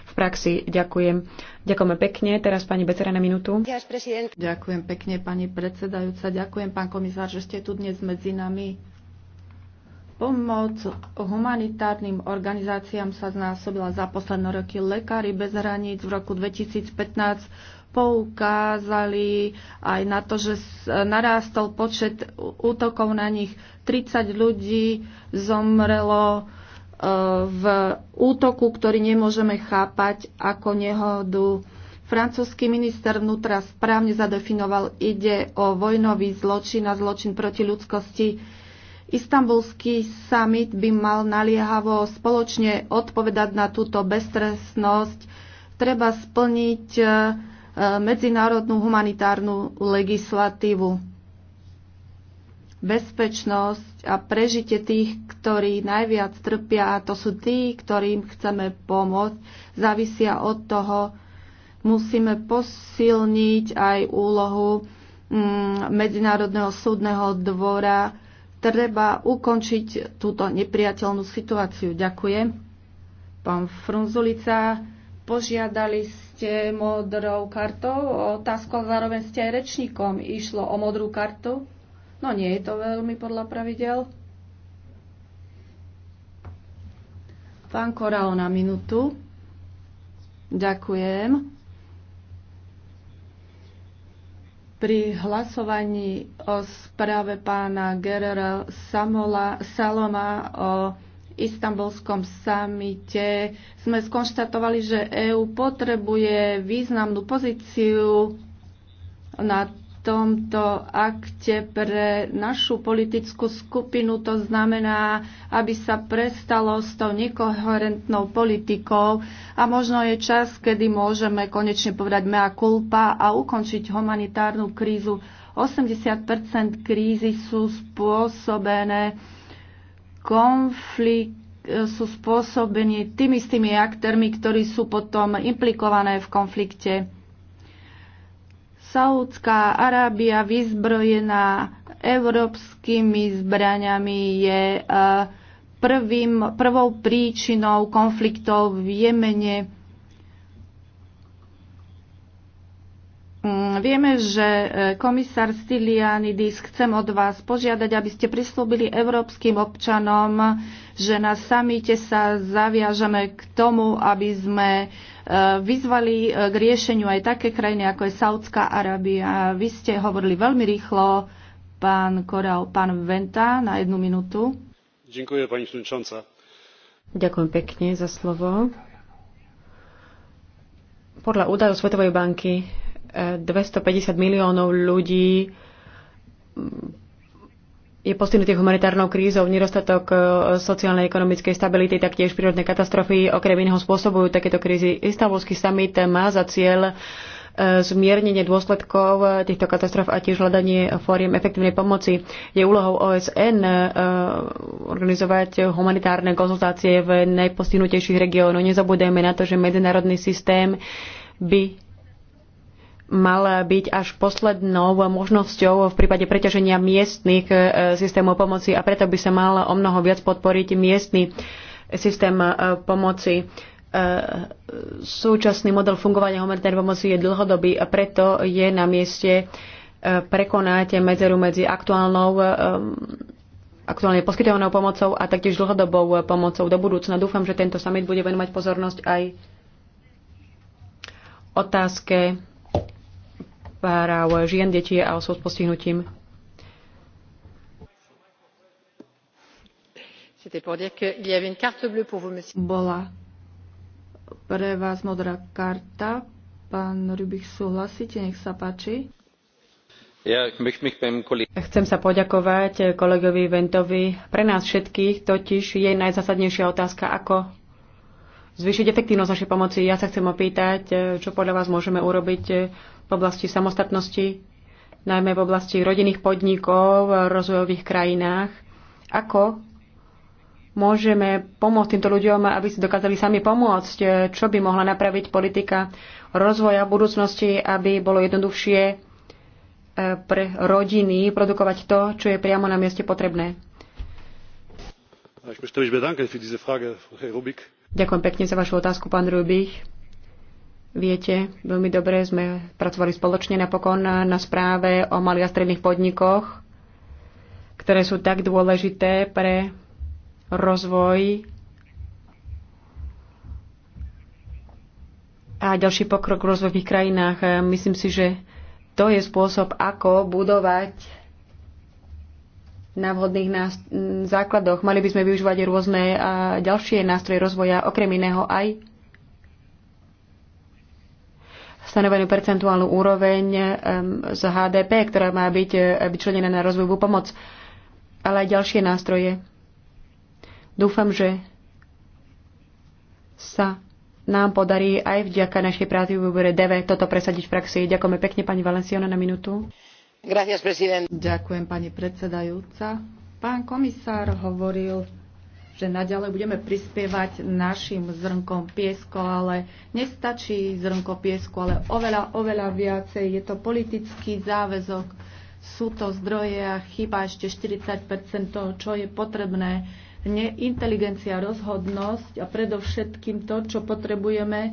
Speaker 1: v praxi. Ďakujem. Ďakujeme pekne. Teraz pani Becera na minútu.
Speaker 3: Ďakujem pekne, pani predsedajúca. Ďakujem, pán komisár, že ste tu dnes medzi nami. Pomoc humanitárnym organizáciám sa znásobila za posledné roky. Lekári bez hraníc v roku 2015 poukázali aj na to, že narástol počet útokov na nich. 30 ľudí zomrelo e, v útoku, ktorý nemôžeme chápať ako nehodu. Francúzsky minister vnútra správne zadefinoval, ide o vojnový zločin a zločin proti ľudskosti Istambulský summit by mal naliehavo spoločne odpovedať na túto beztrestnosť. Treba splniť e, e, medzinárodnú humanitárnu legislatívu. Bezpečnosť a prežitie tých, ktorí najviac trpia, a to sú tí, ktorým chceme pomôcť, závisia od toho, musíme posilniť aj úlohu mm, Medzinárodného súdneho dvora, Treba ukončiť túto nepriateľnú situáciu. Ďakujem. Pán Frunzulica, požiadali ste modrou kartou otázku, zároveň ste aj rečníkom. Išlo o modrú kartu? No nie je to veľmi podľa pravidel. Pán Korao na minútu. Ďakujem. Pri hlasovaní o správe pána Gerera Samola, Saloma o istambulskom samite sme skonštatovali, že EÚ potrebuje významnú pozíciu na tomto akte pre našu politickú skupinu. To znamená, aby sa prestalo s tou nekoherentnou politikou a možno je čas, kedy môžeme konečne povedať mea culpa a ukončiť humanitárnu krízu. 80 krízy sú spôsobené konflikt sú spôsobení tými istými aktérmi, ktorí sú potom implikované v konflikte. Saudská Arábia vyzbrojená európskymi zbraňami je e, prvým, prvou príčinou konfliktov v Jemene. Mm, vieme, že e, komisár Stylianidis chcem od vás požiadať, aby ste prislúbili európskym občanom, že na samite sa zaviažeme k tomu, aby sme e, vyzvali e, k riešeniu aj také krajiny, ako je Saudská Arábia. Vy ste hovorili veľmi rýchlo, pán koral, pán Venta, na jednu minútu.
Speaker 2: Ďakujem, pani Sunčanca.
Speaker 3: Ďakujem
Speaker 1: pekne za slovo. Podľa údajov Svetovej banky 250 e, miliónov ľudí je postihnutý humanitárnou krízou, nedostatok e, sociálnej ekonomickej stability, taktiež prírodné katastrofy okrem iného spôsobujú takéto krízy. Istanbulský summit má za cieľ e, zmiernenie dôsledkov týchto katastrof a tiež hľadanie fóriem efektívnej pomoci. Je úlohou OSN e, organizovať humanitárne konzultácie v najpostihnutejších regiónoch. Nezabúdajme na to, že medzinárodný systém by mal byť až poslednou možnosťou v prípade preťaženia miestnych e, systémov pomoci a preto by sa mal o mnoho viac podporiť miestny systém e, pomoci. E, súčasný model fungovania humanitárnej pomoci je dlhodobý a preto je na mieste prekonať medzeru medzi aktuálnou aktuálne poskytovanou pomocou a taktiež dlhodobou pomocou do budúcna. Dúfam, že tento summit bude venovať pozornosť aj otázke práv žien, detí a osôb s postihnutím.
Speaker 3: Bola pre vás modrá karta. Pán Rubik, súhlasíte? Nech sa
Speaker 1: páči. Chcem sa poďakovať kolegovi Ventovi. Pre nás všetkých totiž je najzásadnejšia otázka, ako zvýšiť efektívnosť našej pomoci. Ja sa chcem opýtať, čo podľa vás môžeme urobiť v oblasti samostatnosti, najmä v oblasti rodinných podnikov v rozvojových krajinách. Ako môžeme pomôcť týmto ľuďom, aby si dokázali sami pomôcť? Čo by mohla napraviť politika rozvoja v budúcnosti, aby bolo jednoduchšie e, pre rodiny produkovať to, čo je priamo na mieste potrebné? Ďakujem pekne za vašu otázku, pán Rubich. Viete, veľmi dobre sme pracovali spoločne napokon na správe o malých a stredných podnikoch, ktoré sú tak dôležité pre rozvoj a ďalší pokrok v rozvojových krajinách. Myslím si, že to je spôsob, ako budovať na vhodných základoch. Mali by sme využívať rôzne ďalšie nástroje rozvoja, okrem iného aj stanovenú percentuálnu úroveň z HDP, ktorá má byť e, vyčlenená na rozvojovú pomoc, ale aj ďalšie nástroje. Dúfam, že sa nám podarí aj vďaka našej práci v výbore DV toto presadiť v praxi. Ďakujeme pekne pani Valenciona na minútu.
Speaker 3: Gracias, Ďakujem pani predsedajúca. Pán komisár hovoril v že naďalej budeme prispievať našim zrnkom piesko, ale nestačí zrnko piesku, ale oveľa, oveľa viacej. Je to politický záväzok, sú to zdroje a chyba ešte 40 toho, čo je potrebné. Nie inteligencia, rozhodnosť a predovšetkým to, čo potrebujeme e,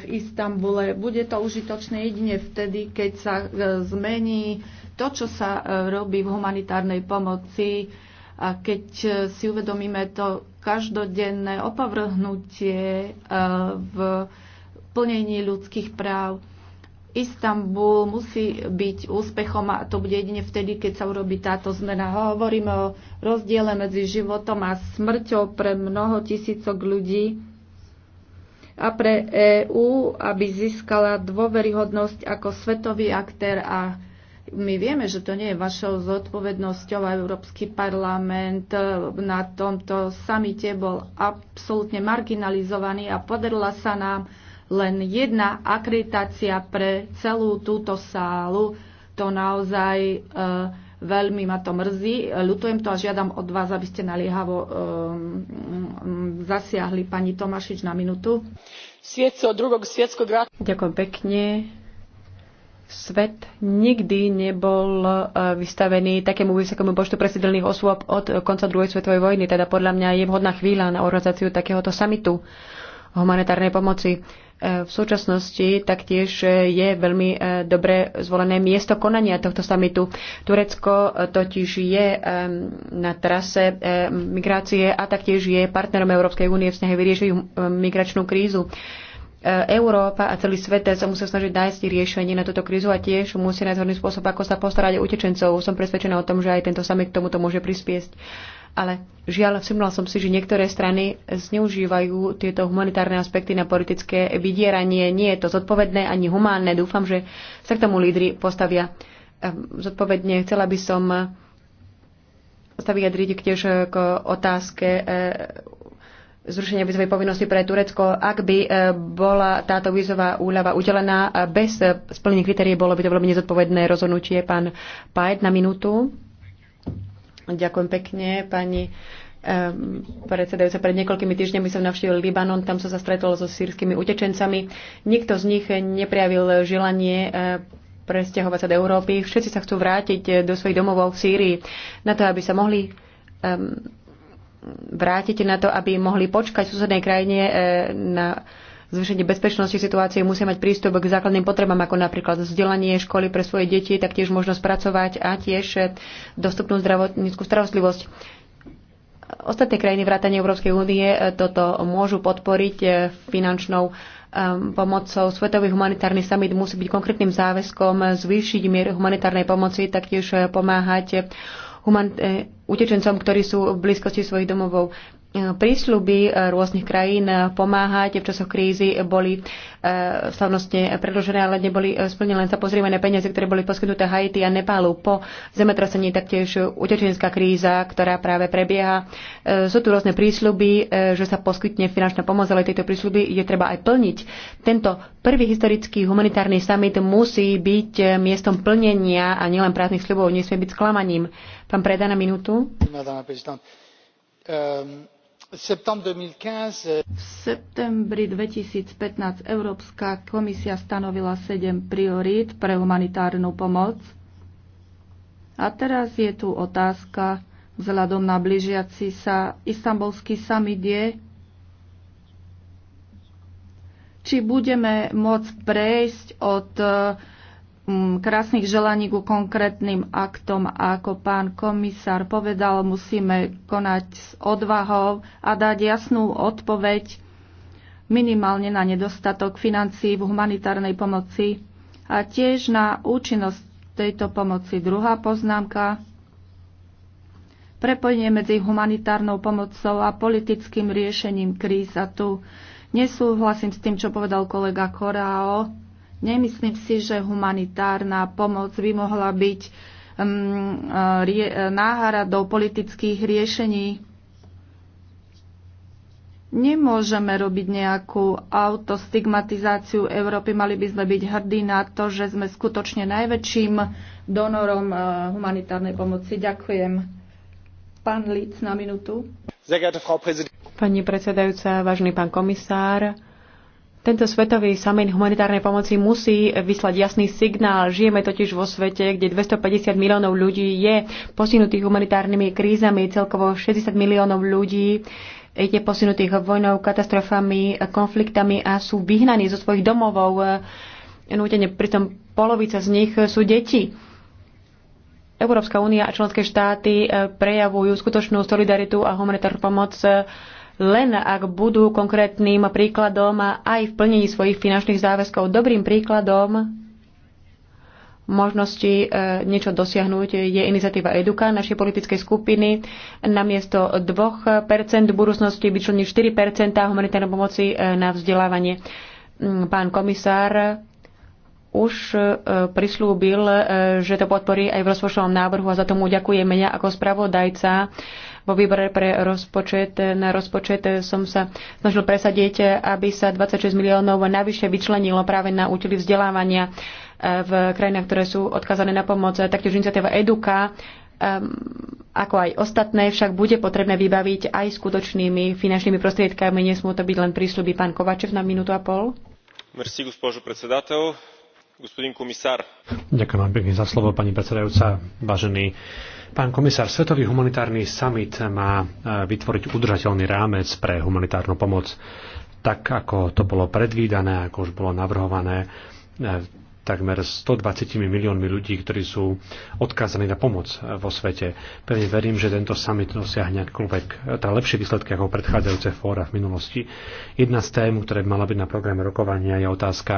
Speaker 3: v Istambule. Bude to užitočné jedine vtedy, keď sa e, zmení to, čo sa e, robí v humanitárnej pomoci, a keď eh, si uvedomíme to každodenné opavrhnutie eh, v plnení ľudských práv, Istanbul musí byť úspechom a to bude jedine vtedy, keď sa urobí táto zmena. Hovoríme o rozdiele medzi životom a smrťou pre mnoho tisícok ľudí a pre EÚ, aby získala dôveryhodnosť ako svetový aktér a my vieme, že to nie je vašou zodpovednosťou a Európsky parlament eh, na tomto samite bol absolútne marginalizovaný a podarila sa nám len jedna akreditácia pre celú túto sálu. To naozaj e, veľmi ma to mrzí. Ľutujem to a žiadam od vás, aby ste naliehavo e, zasiahli
Speaker 1: pani Tomašič na minútu. Svietco, druhok, druhého Ďakujem pekne svet nikdy nebol e, vystavený takému vysokému počtu presidelných osôb od konca druhej svetovej vojny. Teda podľa mňa je vhodná chvíľa na organizáciu takéhoto samitu humanitárnej pomoci. E, v súčasnosti taktiež je veľmi e, dobre zvolené miesto konania tohto samitu. Turecko totiž je na trase migrácie a taktiež je partnerom Európskej únie v snahe vyriešiť hm, migračnú krízu. Európa a celý svet sa musia snažiť nájsť riešenie na túto krízu a tiež musia nájsť hodný spôsob, ako sa postarať o utečencov. Som presvedčená o tom, že aj tento summit k tomuto môže prispieť. Ale žiaľ, všimla som si, že niektoré strany zneužívajú tieto humanitárne aspekty na politické vydieranie. Nie je to zodpovedné ani humánne. Dúfam, že sa k tomu lídry postavia ehm, zodpovedne. Chcela by som sa vyjadriť tiež k otázke eh, zrušenia vizovej povinnosti pre Turecko, ak by e, bola táto vízová úľava udelená bez e, splnenia kritérií, bolo by to veľmi nezodpovedné rozhodnutie. Pán Pajet na minútu. Ďakujem pekne, pani e, predsedajúca. Pred niekoľkými týždňami som navštívil Libanon, tam som sa stretol so sírskymi utečencami. Nikto z nich neprejavil želanie presťahovať sa do Európy. Všetci sa chcú vrátiť do svojich domovov v Sýrii na to, aby sa mohli vrátite na to, aby mohli počkať v susednej krajine e, na zvýšenie bezpečnosti situácie musia mať prístup k základným potrebám, ako napríklad vzdelanie školy pre svoje deti, taktiež možnosť pracovať a tiež e, dostupnú zdravotníckú starostlivosť. Ostatné krajiny vrátane Európskej únie e, toto môžu podporiť finančnou pomocou. Svetový humanitárny summit musí byť konkrétnym záväzkom zvýšiť mieru humanitárnej pomoci, taktiež pomáhať human- eh, utečencom, ktorí sú v blízkosti svojich domovov prísľuby e, rôznych krajín pomáhať v časoch krízy boli e, slavnostne predložené, ale neboli e, splnené. Len sa pozrieme na peniaze, ktoré boli poskytnuté Haiti a Nepálu po zemetrasení, taktiež utečenská kríza, ktorá práve prebieha. Sú tu rôzne prísľuby, že sa poskytne finančná pomoc, ale tieto prísľuby je treba aj plniť. Tento prvý historický humanitárny summit musí byť miestom plnenia a nielen prázdnych sľubov, nesmie byť sklamaním. Pán Preda na minútu.
Speaker 2: Euh, v
Speaker 3: septembri 2015 Európska komisia stanovila 7 priorít pre humanitárnu pomoc. A teraz je tu otázka vzhľadom na blížiaci sa istambulský summit je, či budeme môcť prejsť od Mm, krásnych želaní ku konkrétnym aktom. A ako pán komisár povedal, musíme konať s odvahou a dať jasnú odpoveď minimálne na nedostatok financií v humanitárnej pomoci a tiež na účinnosť tejto pomoci. Druhá poznámka. Prepojenie medzi humanitárnou pomocou a politickým riešením kríz. A tu nesúhlasím s tým, čo povedal kolega Korao Nemyslím si, že humanitárna pomoc by mohla byť um, uh, rie, uh, náhradou politických riešení. Nemôžeme robiť nejakú autostigmatizáciu Európy. Mali by sme byť hrdí na to, že sme skutočne najväčším donorom uh, humanitárnej pomoci. Ďakujem.
Speaker 1: Pán Lic na minútu. Pani predsedajúca, vážny pán komisár, tento svetový samen humanitárnej pomoci musí vyslať jasný signál. Žijeme totiž vo svete, kde 250 miliónov ľudí je posunutých humanitárnymi krízami, celkovo 60 miliónov ľudí je posunutých vojnou, katastrofami, konfliktami a sú vyhnaní zo svojich domovov. Nútene pritom polovica z nich sú deti. Európska únia a členské štáty eh, prejavujú skutočnú solidaritu a humanitárnu pomoc eh, len ak budú konkrétnym príkladom a aj v plnení svojich finančných záväzkov. Dobrým príkladom možnosti e, niečo dosiahnuť je iniciatíva Eduka našej politickej skupiny. Namiesto 2% v budúcnosti vyčleniť 4% humanitárnej pomoci e, na vzdelávanie. Mm, pán komisár už e, prislúbil, že to podporí aj v rozpočtovom návrhu a za tomu ďakujeme ja ako spravodajca vo výbore pre rozpočet, na rozpočet som sa snažil presadiť, aby sa 26 miliónov navyše vyčlenilo práve na útily vzdelávania eh, v krajinách, ktoré sú odkazané na pomoc. Taktiež iniciatíva Eduka um, ako aj ostatné, však bude potrebné vybaviť aj skutočnými finančnými prostriedkami. Nesmú to byť len prísľuby. Pán Kovačev na minútu a pol.
Speaker 2: Merci, госпожо председател. Gospodín komisár. Ďakujem vám pekne za slovo, pani predsedajúca, vážený Pán komisár, Svetový humanitárny summit má e, vytvoriť udržateľný rámec pre humanitárnu pomoc, tak ako to bolo predvídané, ako už bolo navrhované e, takmer 120 miliónmi ľudí, ktorí sú odkázaní na pomoc vo svete. Pevne verím, že tento summit dosiahne akúkoľvek tá teda lepšie výsledky ako predchádzajúce fóra v minulosti. Jedna z tém, ktoré by mala byť na programe rokovania, je otázka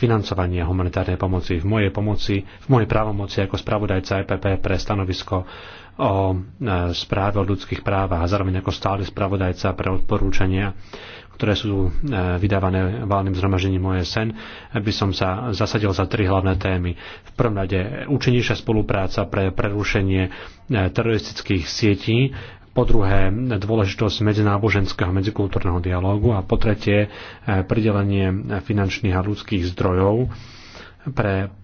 Speaker 2: financovania humanitárnej pomoci. V mojej, pomoci, v mojej právomoci ako spravodajca EPP pre stanovisko o e, správe o ľudských právach a zároveň ako stály spravodajca pre odporúčania, ktoré sú e, vydávané valným zhromažením OSN, by som sa zasadil za tri hlavné témy. V prvom rade účinnejšia spolupráca pre prerušenie e, teroristických sietí, po druhé dôležitosť medzináboženského a medzikultúrneho dialógu a po tretie pridelenie finančných a ľudských zdrojov pre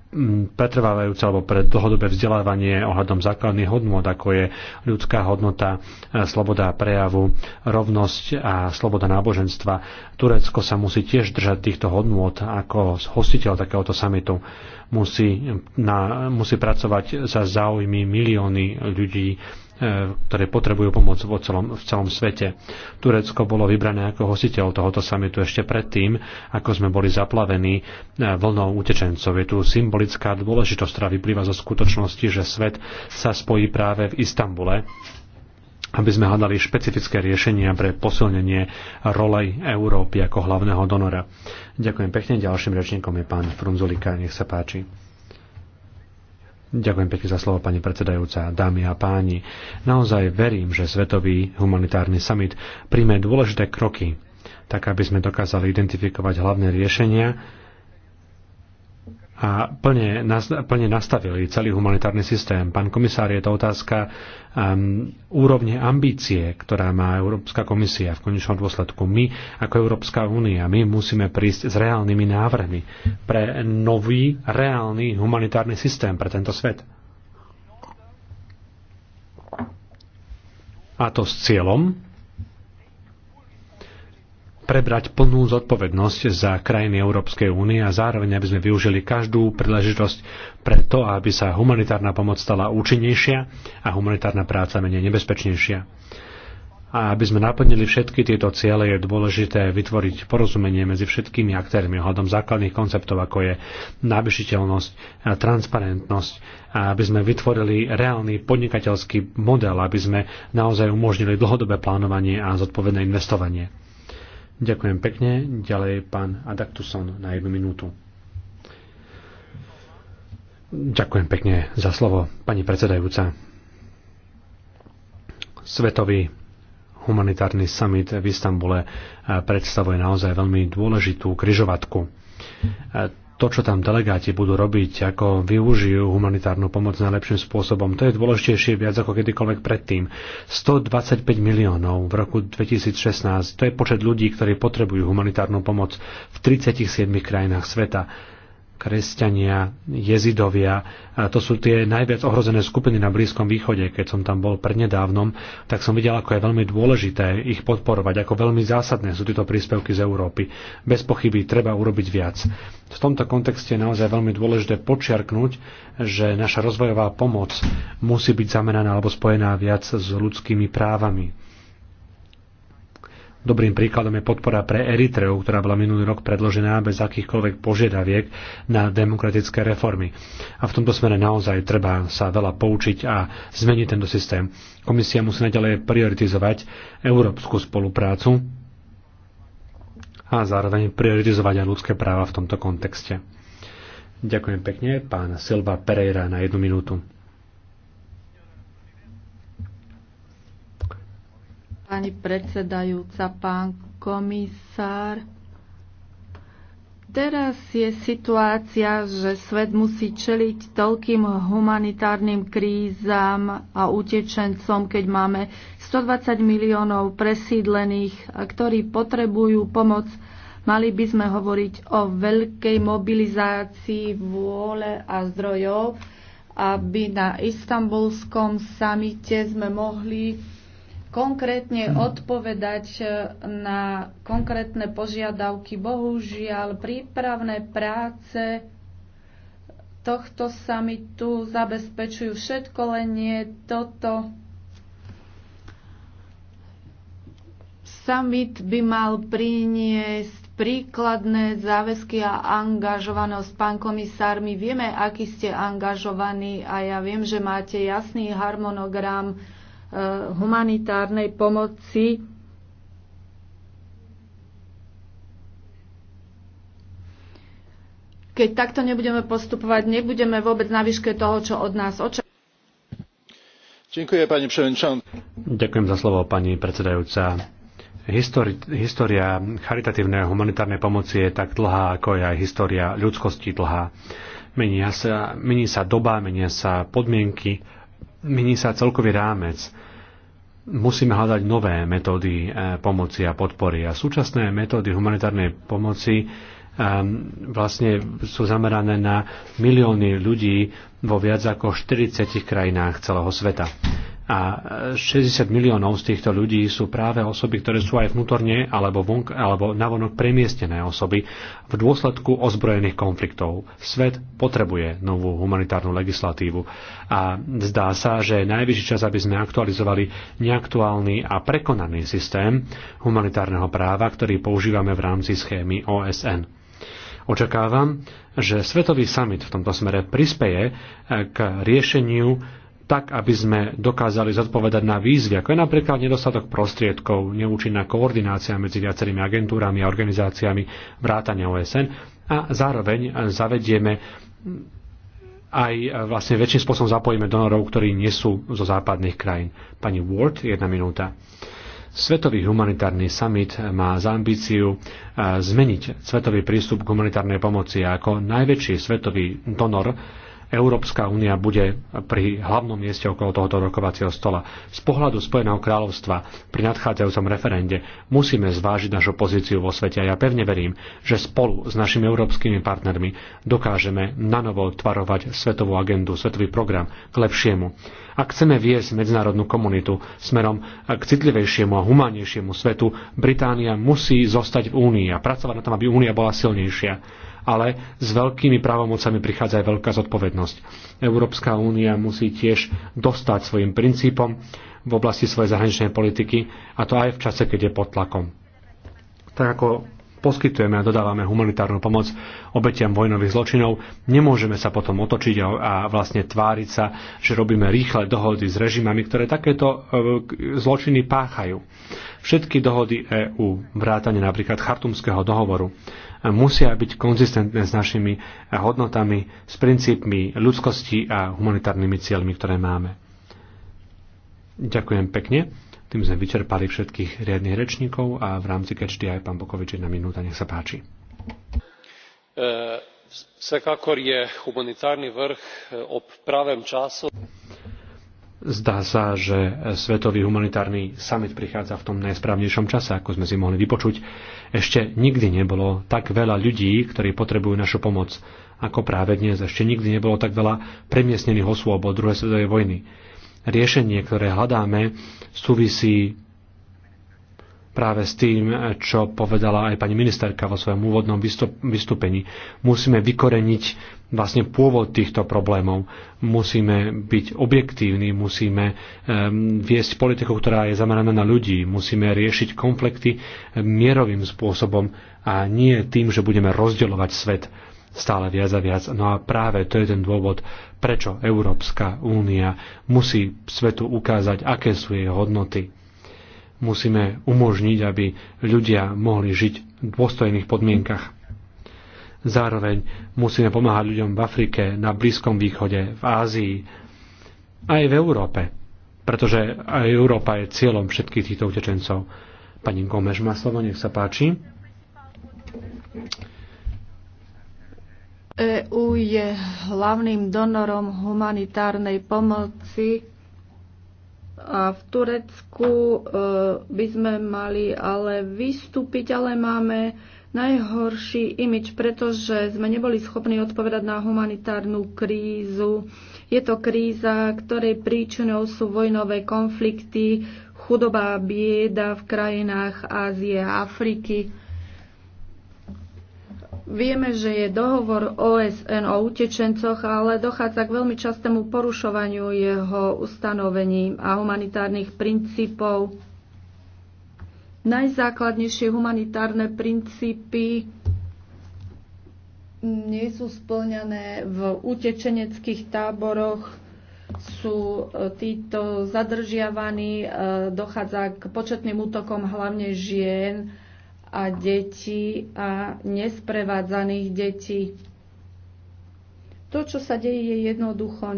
Speaker 2: pretrvávajúce alebo pre dlhodobé vzdelávanie ohľadom základných hodnôt, ako je ľudská hodnota, e, sloboda prejavu, rovnosť a sloboda náboženstva. Turecko sa musí tiež držať týchto hodnôt ako hostiteľ takéhoto samitu. Musí, na, musí pracovať za záujmy milióny ľudí E, ktoré potrebujú pomoc vo celom, v celom svete. Turecko bolo vybrané ako hostiteľ tohoto samitu ešte predtým, ako sme boli zaplavení e, vlnou utečencov. Je tu symbolická dôležitosť, ktorá vyplýva zo skutočnosti, že svet sa spojí práve v Istambule aby sme hľadali špecifické riešenia pre posilnenie rolej Európy ako hlavného donora. Ďakujem pekne. Ďalším rečníkom je pán Frunzulika. Nech sa páči. Ďakujem pekne za slovo, pani predsedajúca, dámy a páni. Naozaj verím, že Svetový humanitárny summit príjme dôležité kroky, tak aby sme dokázali identifikovať hlavné riešenia a plne, plne nastavili celý humanitárny systém. Pán komisár, je to otázka um, úrovne ambície, ktorá má Európska komisia v konečnom dôsledku. My ako Európska únia, my musíme prísť s reálnymi návrhmi pre nový, reálny humanitárny systém pre tento svet. A to s cieľom, prebrať plnú zodpovednosť za krajiny Európskej únie a zároveň, aby sme využili každú príležitosť pre to, aby sa humanitárna pomoc stala účinnejšia a humanitárna práca menej nebezpečnejšia. A aby sme naplnili všetky tieto ciele, je dôležité vytvoriť porozumenie medzi všetkými aktérmi ohľadom základných konceptov, ako je nábyšiteľnosť, transparentnosť, a aby sme vytvorili reálny podnikateľský model, aby sme naozaj umožnili dlhodobé plánovanie a zodpovedné investovanie. Ďakujem pekne. Ďalej pán Adaktuson na jednu minútu. Ďakujem pekne za slovo, pani predsedajúca. Svetový humanitárny summit v Istambule eh, predstavuje naozaj veľmi dôležitú kryžovatku eh, to, čo tam delegáti budú robiť, ako využijú humanitárnu pomoc najlepším spôsobom. To je dôležitejšie viac ako kedykoľvek predtým. 125 miliónov v roku 2016, to je počet ľudí, ktorí potrebujú humanitárnu pomoc v 37 krajinách sveta kresťania, jezidovia. To sú tie najviac ohrozené skupiny na Blízkom východe. Keď som tam bol prednedávnom, tak som videl, ako je veľmi dôležité ich podporovať, ako veľmi zásadné sú tieto príspevky z Európy. Bez pochyby treba urobiť viac. V tomto kontexte je naozaj veľmi dôležité počiarknúť, že naša rozvojová pomoc musí byť zameraná alebo spojená viac s ľudskými právami Dobrým príkladom je podpora pre Eritreu, ktorá bola minulý rok predložená bez akýchkoľvek požiadaviek na demokratické reformy. A v tomto smere naozaj treba sa veľa poučiť a zmeniť tento systém. Komisia musí naďalej prioritizovať európsku spoluprácu a zároveň prioritizovať aj ľudské práva v tomto kontexte. Ďakujem pekne, pán Silva Pereira na jednu minútu.
Speaker 3: Pani predsedajúca, pán komisár, teraz je situácia, že svet musí čeliť toľkým humanitárnym krízam a utečencom, keď máme 120 miliónov presídlených, ktorí potrebujú pomoc. Mali by sme hovoriť o veľkej mobilizácii vôle a zdrojov, aby na istambulskom samite sme mohli konkrétne hm. odpovedať e, na konkrétne požiadavky. Bohužiaľ, prípravné práce tohto samitu zabezpečujú všetko, len nie toto. Summit by mal priniesť príkladné záväzky a angažovanosť. Pán komisár, my vieme, aký ste angažovaní a ja viem, že máte jasný harmonogram Eh, humanitárnej pomoci keď takto nebudeme postupovať, nebudeme vôbec na výške toho, čo od nás očakávajú.
Speaker 2: Ďakujem za slovo, pani predsedajúca. Histori- história charitatívnej a humanitárnej pomoci je tak dlhá, ako je aj história ľudskosti dlhá. Menia sa, mení sa doba, menia sa podmienky, mení sa celkový rámec. Musíme hľadať nové metódy eh, pomoci a podpory. A súčasné metódy humanitárnej pomoci eh, vlastne sú zamerané na milióny ľudí vo viac ako 40 krajinách celého sveta a 60 miliónov z týchto ľudí sú práve osoby, ktoré sú aj vnútorne alebo, vonk, alebo navonok premiestnené osoby v dôsledku ozbrojených konfliktov. Svet potrebuje novú humanitárnu legislatívu a zdá sa, že je najvyšší čas, aby sme aktualizovali neaktuálny a prekonaný systém humanitárneho práva, ktorý používame v rámci schémy OSN. Očakávam, že Svetový summit v tomto smere prispeje k riešeniu tak, aby sme dokázali zodpovedať na výzvy, ako je napríklad nedostatok prostriedkov, neúčinná koordinácia medzi viacerými agentúrami a organizáciami vrátania OSN a zároveň zavedieme aj vlastne väčším spôsobom zapojíme donorov, ktorí nie sú zo západných krajín. Pani Ward, jedna minúta. Svetový humanitárny summit má za ambíciu e, zmeniť svetový prístup k humanitárnej pomoci a ako najväčší svetový donor Európska únia bude pri hlavnom mieste okolo tohoto rokovacieho stola. Z pohľadu Spojeného kráľovstva pri nadchádzajúcom referende musíme zvážiť našu pozíciu vo svete a ja pevne verím, že spolu s našimi európskymi partnermi dokážeme nanovo tvarovať svetovú agendu, svetový program k lepšiemu. Ak chceme viesť medzinárodnú komunitu smerom k citlivejšiemu a humánnejšiemu svetu, Británia musí zostať v Únii a pracovať na tom, aby Únia bola silnejšia ale s veľkými právomocami prichádza aj veľká zodpovednosť. Európska únia musí tiež dostať svojim princípom v oblasti svojej zahraničnej politiky a to aj v čase, keď je pod tlakom. Tak ako poskytujeme a dodávame humanitárnu pomoc obetiam vojnových zločinov, nemôžeme sa potom otočiť a, vlastne tváriť sa, že robíme rýchle dohody s režimami, ktoré takéto e, zločiny páchajú. Všetky dohody EÚ, vrátane napríklad Chartumského dohovoru, musia byť konzistentné s našimi hodnotami, s princípmi ľudskosti a humanitárnymi cieľmi, ktoré máme. Ďakujem pekne. Tým sme vyčerpali všetkých riadnych rečníkov a v rámci kečty aj pán Bokovič jedna minúta, nech sa páči. E, vsekakor je humanitárny vrch e, ob pravém času. Zdá sa, že Svetový humanitárny summit prichádza v tom najsprávnejšom čase, ako sme si mohli vypočuť. Ešte nikdy nebolo tak veľa ľudí, ktorí potrebujú našu pomoc, ako práve dnes. Ešte nikdy nebolo tak veľa premiesnených osôb od druhej svetovej vojny. Riešenie, ktoré hľadáme, súvisí práve s tým, čo povedala aj pani ministerka vo svojom úvodnom vystúpení. Musíme vykoreniť vlastne pôvod týchto problémov. Musíme byť objektívni, musíme um, viesť politiku, ktorá je zameraná na ľudí, musíme riešiť konflikty ehm, mierovým spôsobom a nie tým, že budeme rozdeľovať svet stále viac a viac. No a práve to je ten dôvod, prečo Európska únia musí svetu ukázať, aké sú jej hodnoty Musíme umožniť, aby ľudia mohli žiť v dôstojných podmienkach. Zároveň musíme pomáhať ľuďom v Afrike, na Blízkom východe, v Ázii, aj v Európe, pretože aj Európa je cieľom všetkých týchto utečencov. Pani Gomeš má slovo, nech sa páči.
Speaker 3: EU je hlavným donorom humanitárnej pomoci a v Turecku e, by sme mali ale vystúpiť, ale máme najhorší imič, pretože sme neboli schopní odpovedať na humanitárnu krízu. Je to kríza, ktorej príčinou sú vojnové konflikty, chudoba, bieda v krajinách Ázie a Afriky. Vieme, že je dohovor OSN o utečencoch, ale dochádza k veľmi častému porušovaniu jeho ustanovení a humanitárnych princípov. Najzákladnejšie humanitárne princípy nie sú splňané v utečeneckých táboroch, sú e, títo zadržiavaní, e, dochádza k početným útokom hlavne žien, a detí a nesprevádzaných detí. To, čo sa deje, je jednoducho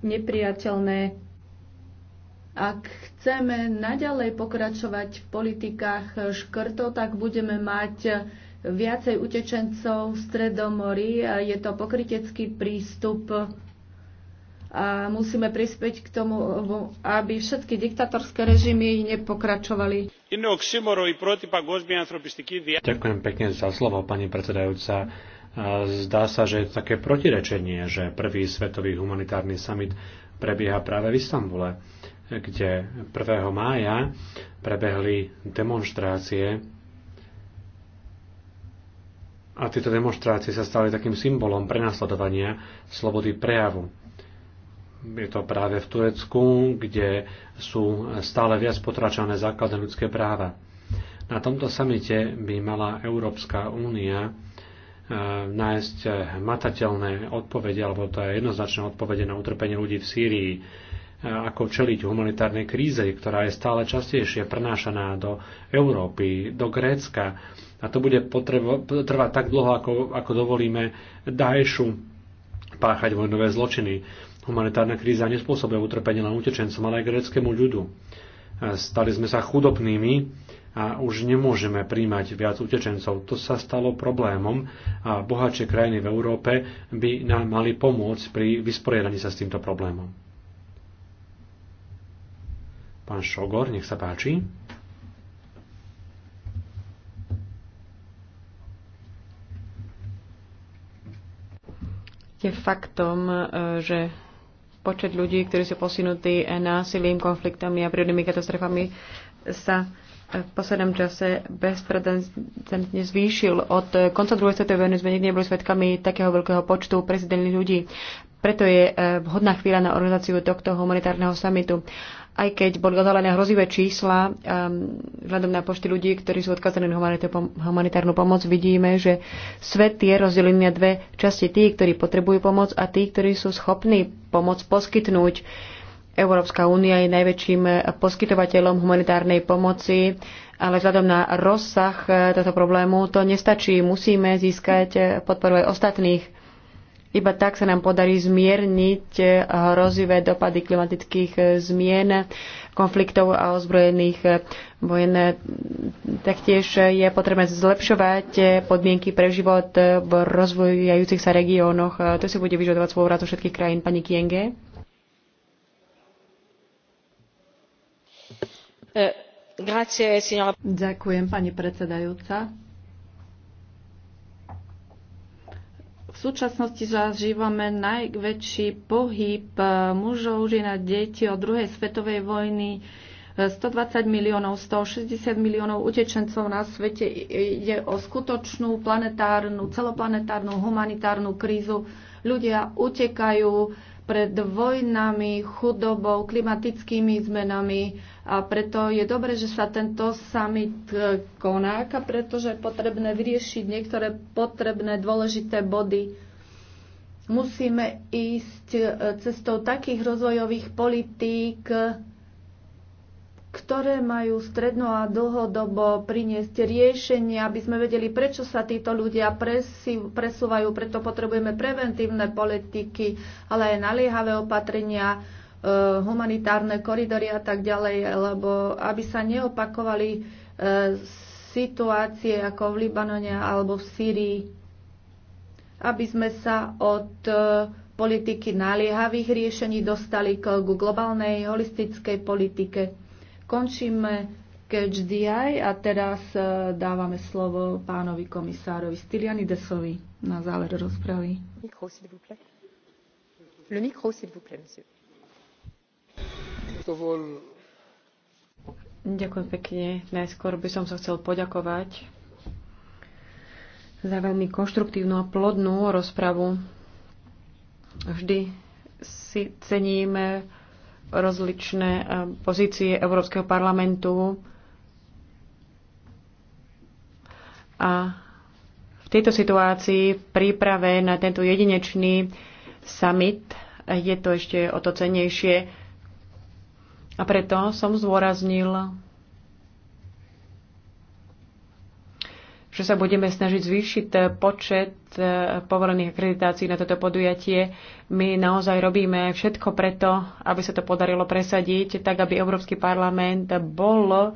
Speaker 3: nepriateľné. Ak chceme naďalej pokračovať v politikách škrtov, tak budeme mať viacej utečencov v Stredomorí. Je to pokrytecký prístup a musíme prispieť k tomu, aby všetky diktatorské režimy nepokračovali.
Speaker 2: Ďakujem pekne za slovo, pani predsedajúca. Zdá sa, že je také protirečenie, že prvý svetový humanitárny summit prebieha práve v Istambule, kde 1. mája prebehli demonstrácie a tieto demonstrácie sa stali takým symbolom prenasledovania slobody prejavu je to práve v Turecku, kde sú stále viac potračané základné ľudské práva. Na tomto samite by mala Európska únia e, nájsť matateľné odpovede, alebo to je jednoznačné odpovede na utrpenie ľudí v Sýrii, e, ako čeliť humanitárnej kríze, ktorá je stále častejšie prenášaná do Európy, do Grécka. A to bude potrebo, trvať tak dlho, ako, ako dovolíme Daešu páchať vojnové zločiny Humanitárna kríza nespôsobuje utrpenie len utečencom, ale aj gréckému ľudu. E, stali sme sa chudobnými a už nemôžeme príjmať viac utečencov. To sa stalo problémom a bohatšie krajiny v Európe by nám mali pomôcť pri vysporiadaní sa s týmto problémom. Pán Šogor, nech sa páči.
Speaker 1: je faktom, e, že počet ľudí, ktorí sú posunutí násilím, konfliktami a prírodnými katastrofami sa v poslednom čase bezprecedentne zvýšil. Od konca druhej svetovej vojny sme nikdy neboli svetkami takého veľkého počtu prezidentných ľudí. Preto je e, vhodná chvíľa na organizáciu tohto humanitárneho samitu. Aj keď boli odhalené hrozivé čísla e, vzhľadom na počty ľudí, ktorí sú odkazaní na humanitárnu pomoc, vidíme, že svet je rozdelený na dve časti. Tí, ktorí potrebujú pomoc a tí, ktorí sú schopní pomoc poskytnúť. Európska únia je najväčším e, poskytovateľom humanitárnej pomoci, ale vzhľadom na rozsah tohto problému to nestačí. Musíme získať podporu aj ostatných iba tak sa nám podarí zmierniť eh, hrozivé dopady klimatických eh, zmien, konfliktov a ozbrojených eh, vojen. Taktiež je potrebné zlepšovať podmienky pre život v rozvojajúcich sa regiónoch. To si bude vyžadovať spolupráca všetkých krajín. Pani Kienge. Ďakujem, pani
Speaker 3: predsedajúca V súčasnosti zažívame najväčší pohyb e, mužov, žien a detí od druhej svetovej vojny. 120 e, miliónov, 160 miliónov utečencov na svete. Ide o skutočnú planetárnu, celoplanetárnu humanitárnu krízu. Ľudia utekajú pred vojnami, chudobou, klimatickými zmenami a preto je dobre, že sa tento summit e, koná, pretože je potrebné vyriešiť niektoré potrebné dôležité body. Musíme ísť e, cestou takých rozvojových politík, ktoré majú stredno a dlhodobo priniesť riešenie, aby sme vedeli, prečo sa títo ľudia presúvajú. Preto potrebujeme preventívne politiky, ale aj naliehavé opatrenia, E, humanitárne koridory a tak ďalej, lebo aby sa neopakovali e, situácie ako v Libanone alebo v Sýrii, aby sme sa od e, politiky naliehavých riešení dostali k globálnej holistickej politike. Končíme catch the eye a teraz dávame slovo pánovi komisárovi Stylianidesovi na záver rozpravy.
Speaker 1: Le micro, s'il vous plaît, monsieur. Ďakujem pekne. Najskôr by som sa chcel poďakovať za veľmi konštruktívnu a plodnú rozpravu. Vždy si ceníme rozličné eh, pozície Európskeho parlamentu a v tejto situácii v príprave na tento jedinečný summit eh, je to ešte o to cenejšie a preto som zdôraznil, že sa budeme snažiť zvýšiť počet e, povolených akreditácií na toto podujatie. My naozaj robíme všetko preto, aby sa to podarilo presadiť, tak aby Európsky parlament bol e,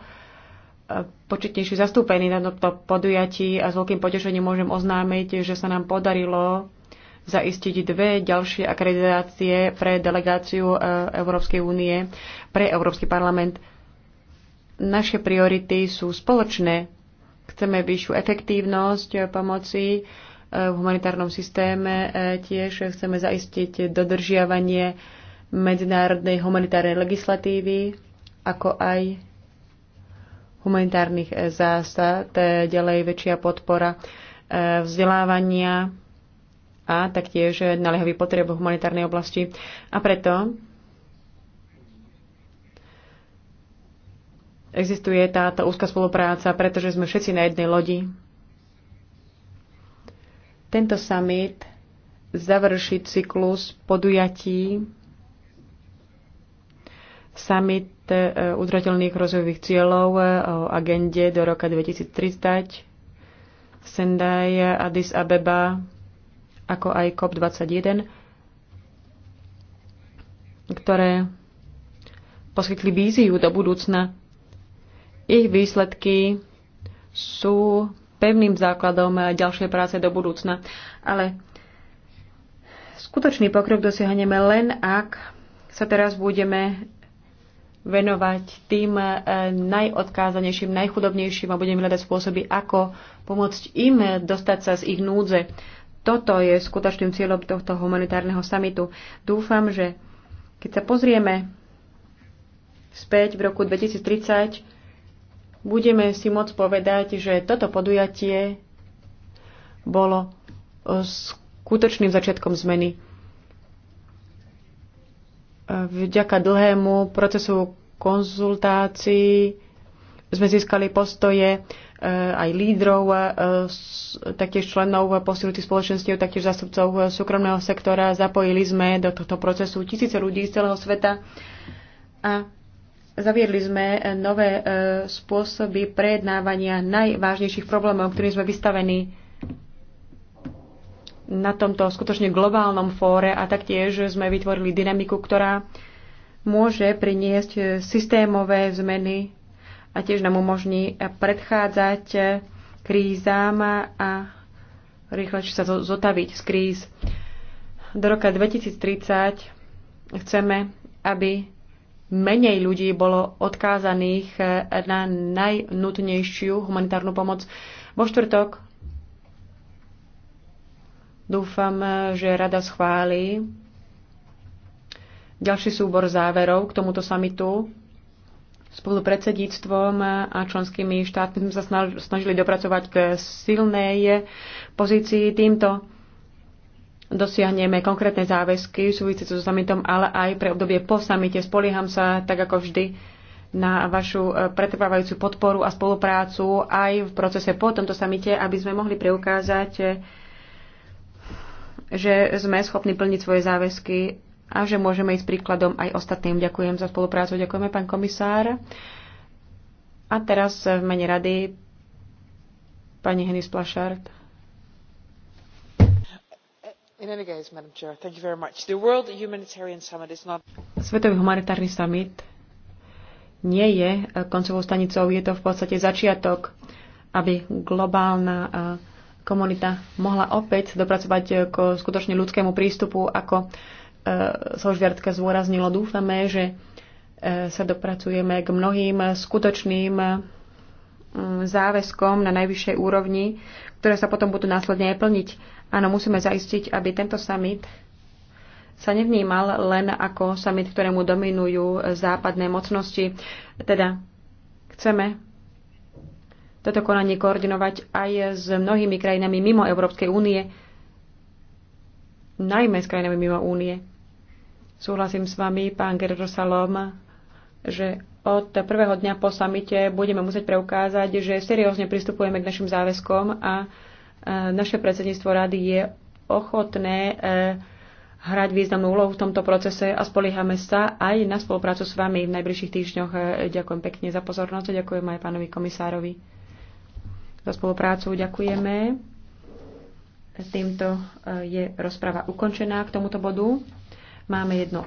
Speaker 1: početnejšie zastúpený na tomto podujatí a s veľkým potešením môžem oznámiť, že sa nám podarilo zaistiť dve ďalšie akreditácie pre delegáciu e, Európskej únie pre Európsky parlament. Naše priority sú spoločné. Chceme vyššiu efektívnosť pomoci e, v humanitárnom systéme. E, tiež chceme zaistiť dodržiavanie medzinárodnej humanitárnej legislatívy, ako aj humanitárnych zásad, ďalej väčšia podpora vzdelávania a taktiež naliehavých potreb v humanitárnej oblasti. A preto existuje táto úzka spolupráca, pretože sme všetci na jednej lodi. Tento summit završí cyklus podujatí summit e, udržateľných rozvojových cieľov e, o agende do roka 2030, Sendai, Addis Abeba, ako aj COP21, ktoré poskytli víziu do budúcna. Ich výsledky sú pevným základom ďalšej práce do budúcna. Ale skutočný pokrok dosiahneme len, ak sa teraz budeme venovať tým eh, najodkázanejším, najchudobnejším a budeme hľadať spôsoby, ako pomôcť im dostať sa z ich núdze. Toto je skutočným cieľom tohto humanitárneho samitu. Dúfam, že keď sa pozrieme späť v roku 2030, budeme si môcť povedať, že toto podujatie bolo e, skutočným začiatkom zmeny. E, vďaka dlhému procesu konzultácií sme získali postoje e, aj lídrov, e, taktiež členov posilnutých spoločenstiev, taktiež zástupcov súkromného sektora. Zapojili sme do tohto procesu tisíce ľudí z celého sveta a zaviedli sme nové e, spôsoby prejednávania najvážnejších problémov, ktorým sme vystavení na tomto skutočne globálnom fóre a taktiež sme vytvorili dynamiku, ktorá môže priniesť systémové zmeny a tiež nám umožní predchádzať krízám a rýchlejšie sa zotaviť z kríz. Do roka 2030 chceme, aby menej ľudí bolo odkázaných na najnutnejšiu humanitárnu pomoc. Vo štvrtok dúfam, že rada schváli ďalší súbor záverov k tomuto samitu spolu predsedníctvom a členskými štátmi sme sa snažili dopracovať k silnej pozícii. Týmto dosiahneme konkrétne záväzky súvisí so samitom, ale aj pre obdobie po samite. Spolieham sa, tak ako vždy, na vašu eh, pretrvávajúcu podporu a spoluprácu aj v procese po tomto samite, aby sme mohli preukázať, eh, že sme schopní plniť svoje záväzky a že môžeme ísť príkladom aj ostatným. Ďakujem za spoluprácu. Ďakujeme, pán komisár. A teraz v mene rady pani Henis Plašard. Svetový humanitárny summit nie je eh, koncovou stanicou, je to v podstate začiatok, aby globálna eh, komunita mohla opäť dopracovať eh, k skutočne ľudskému prístupu ako Eh, Solžviartka zúraznilo. Dúfame, že eh, sa dopracujeme k mnohým skutočným mm, záväzkom na najvyššej úrovni, ktoré sa potom budú následne aj plniť. Áno, musíme zaistiť, aby tento summit sa nevnímal len ako summit, ktorému dominujú západné mocnosti. Teda chceme toto konanie koordinovať aj s mnohými krajinami mimo Európskej únie, najmä s krajinami mimo únie Súhlasím s vami, pán Gerdosalom, že od prvého dňa po samite budeme musieť preukázať, že seriózne pristupujeme k našim záväzkom a e, naše predsedníctvo rady je ochotné e, hrať významnú úlohu v tomto procese a spoliehame sa aj na spoluprácu s vami v najbližších týždňoch. E, ďakujem pekne za pozornosť a ďakujem aj pánovi komisárovi za spoluprácu. Ďakujeme. Týmto je rozprava ukončená k tomuto bodu. Máme jedno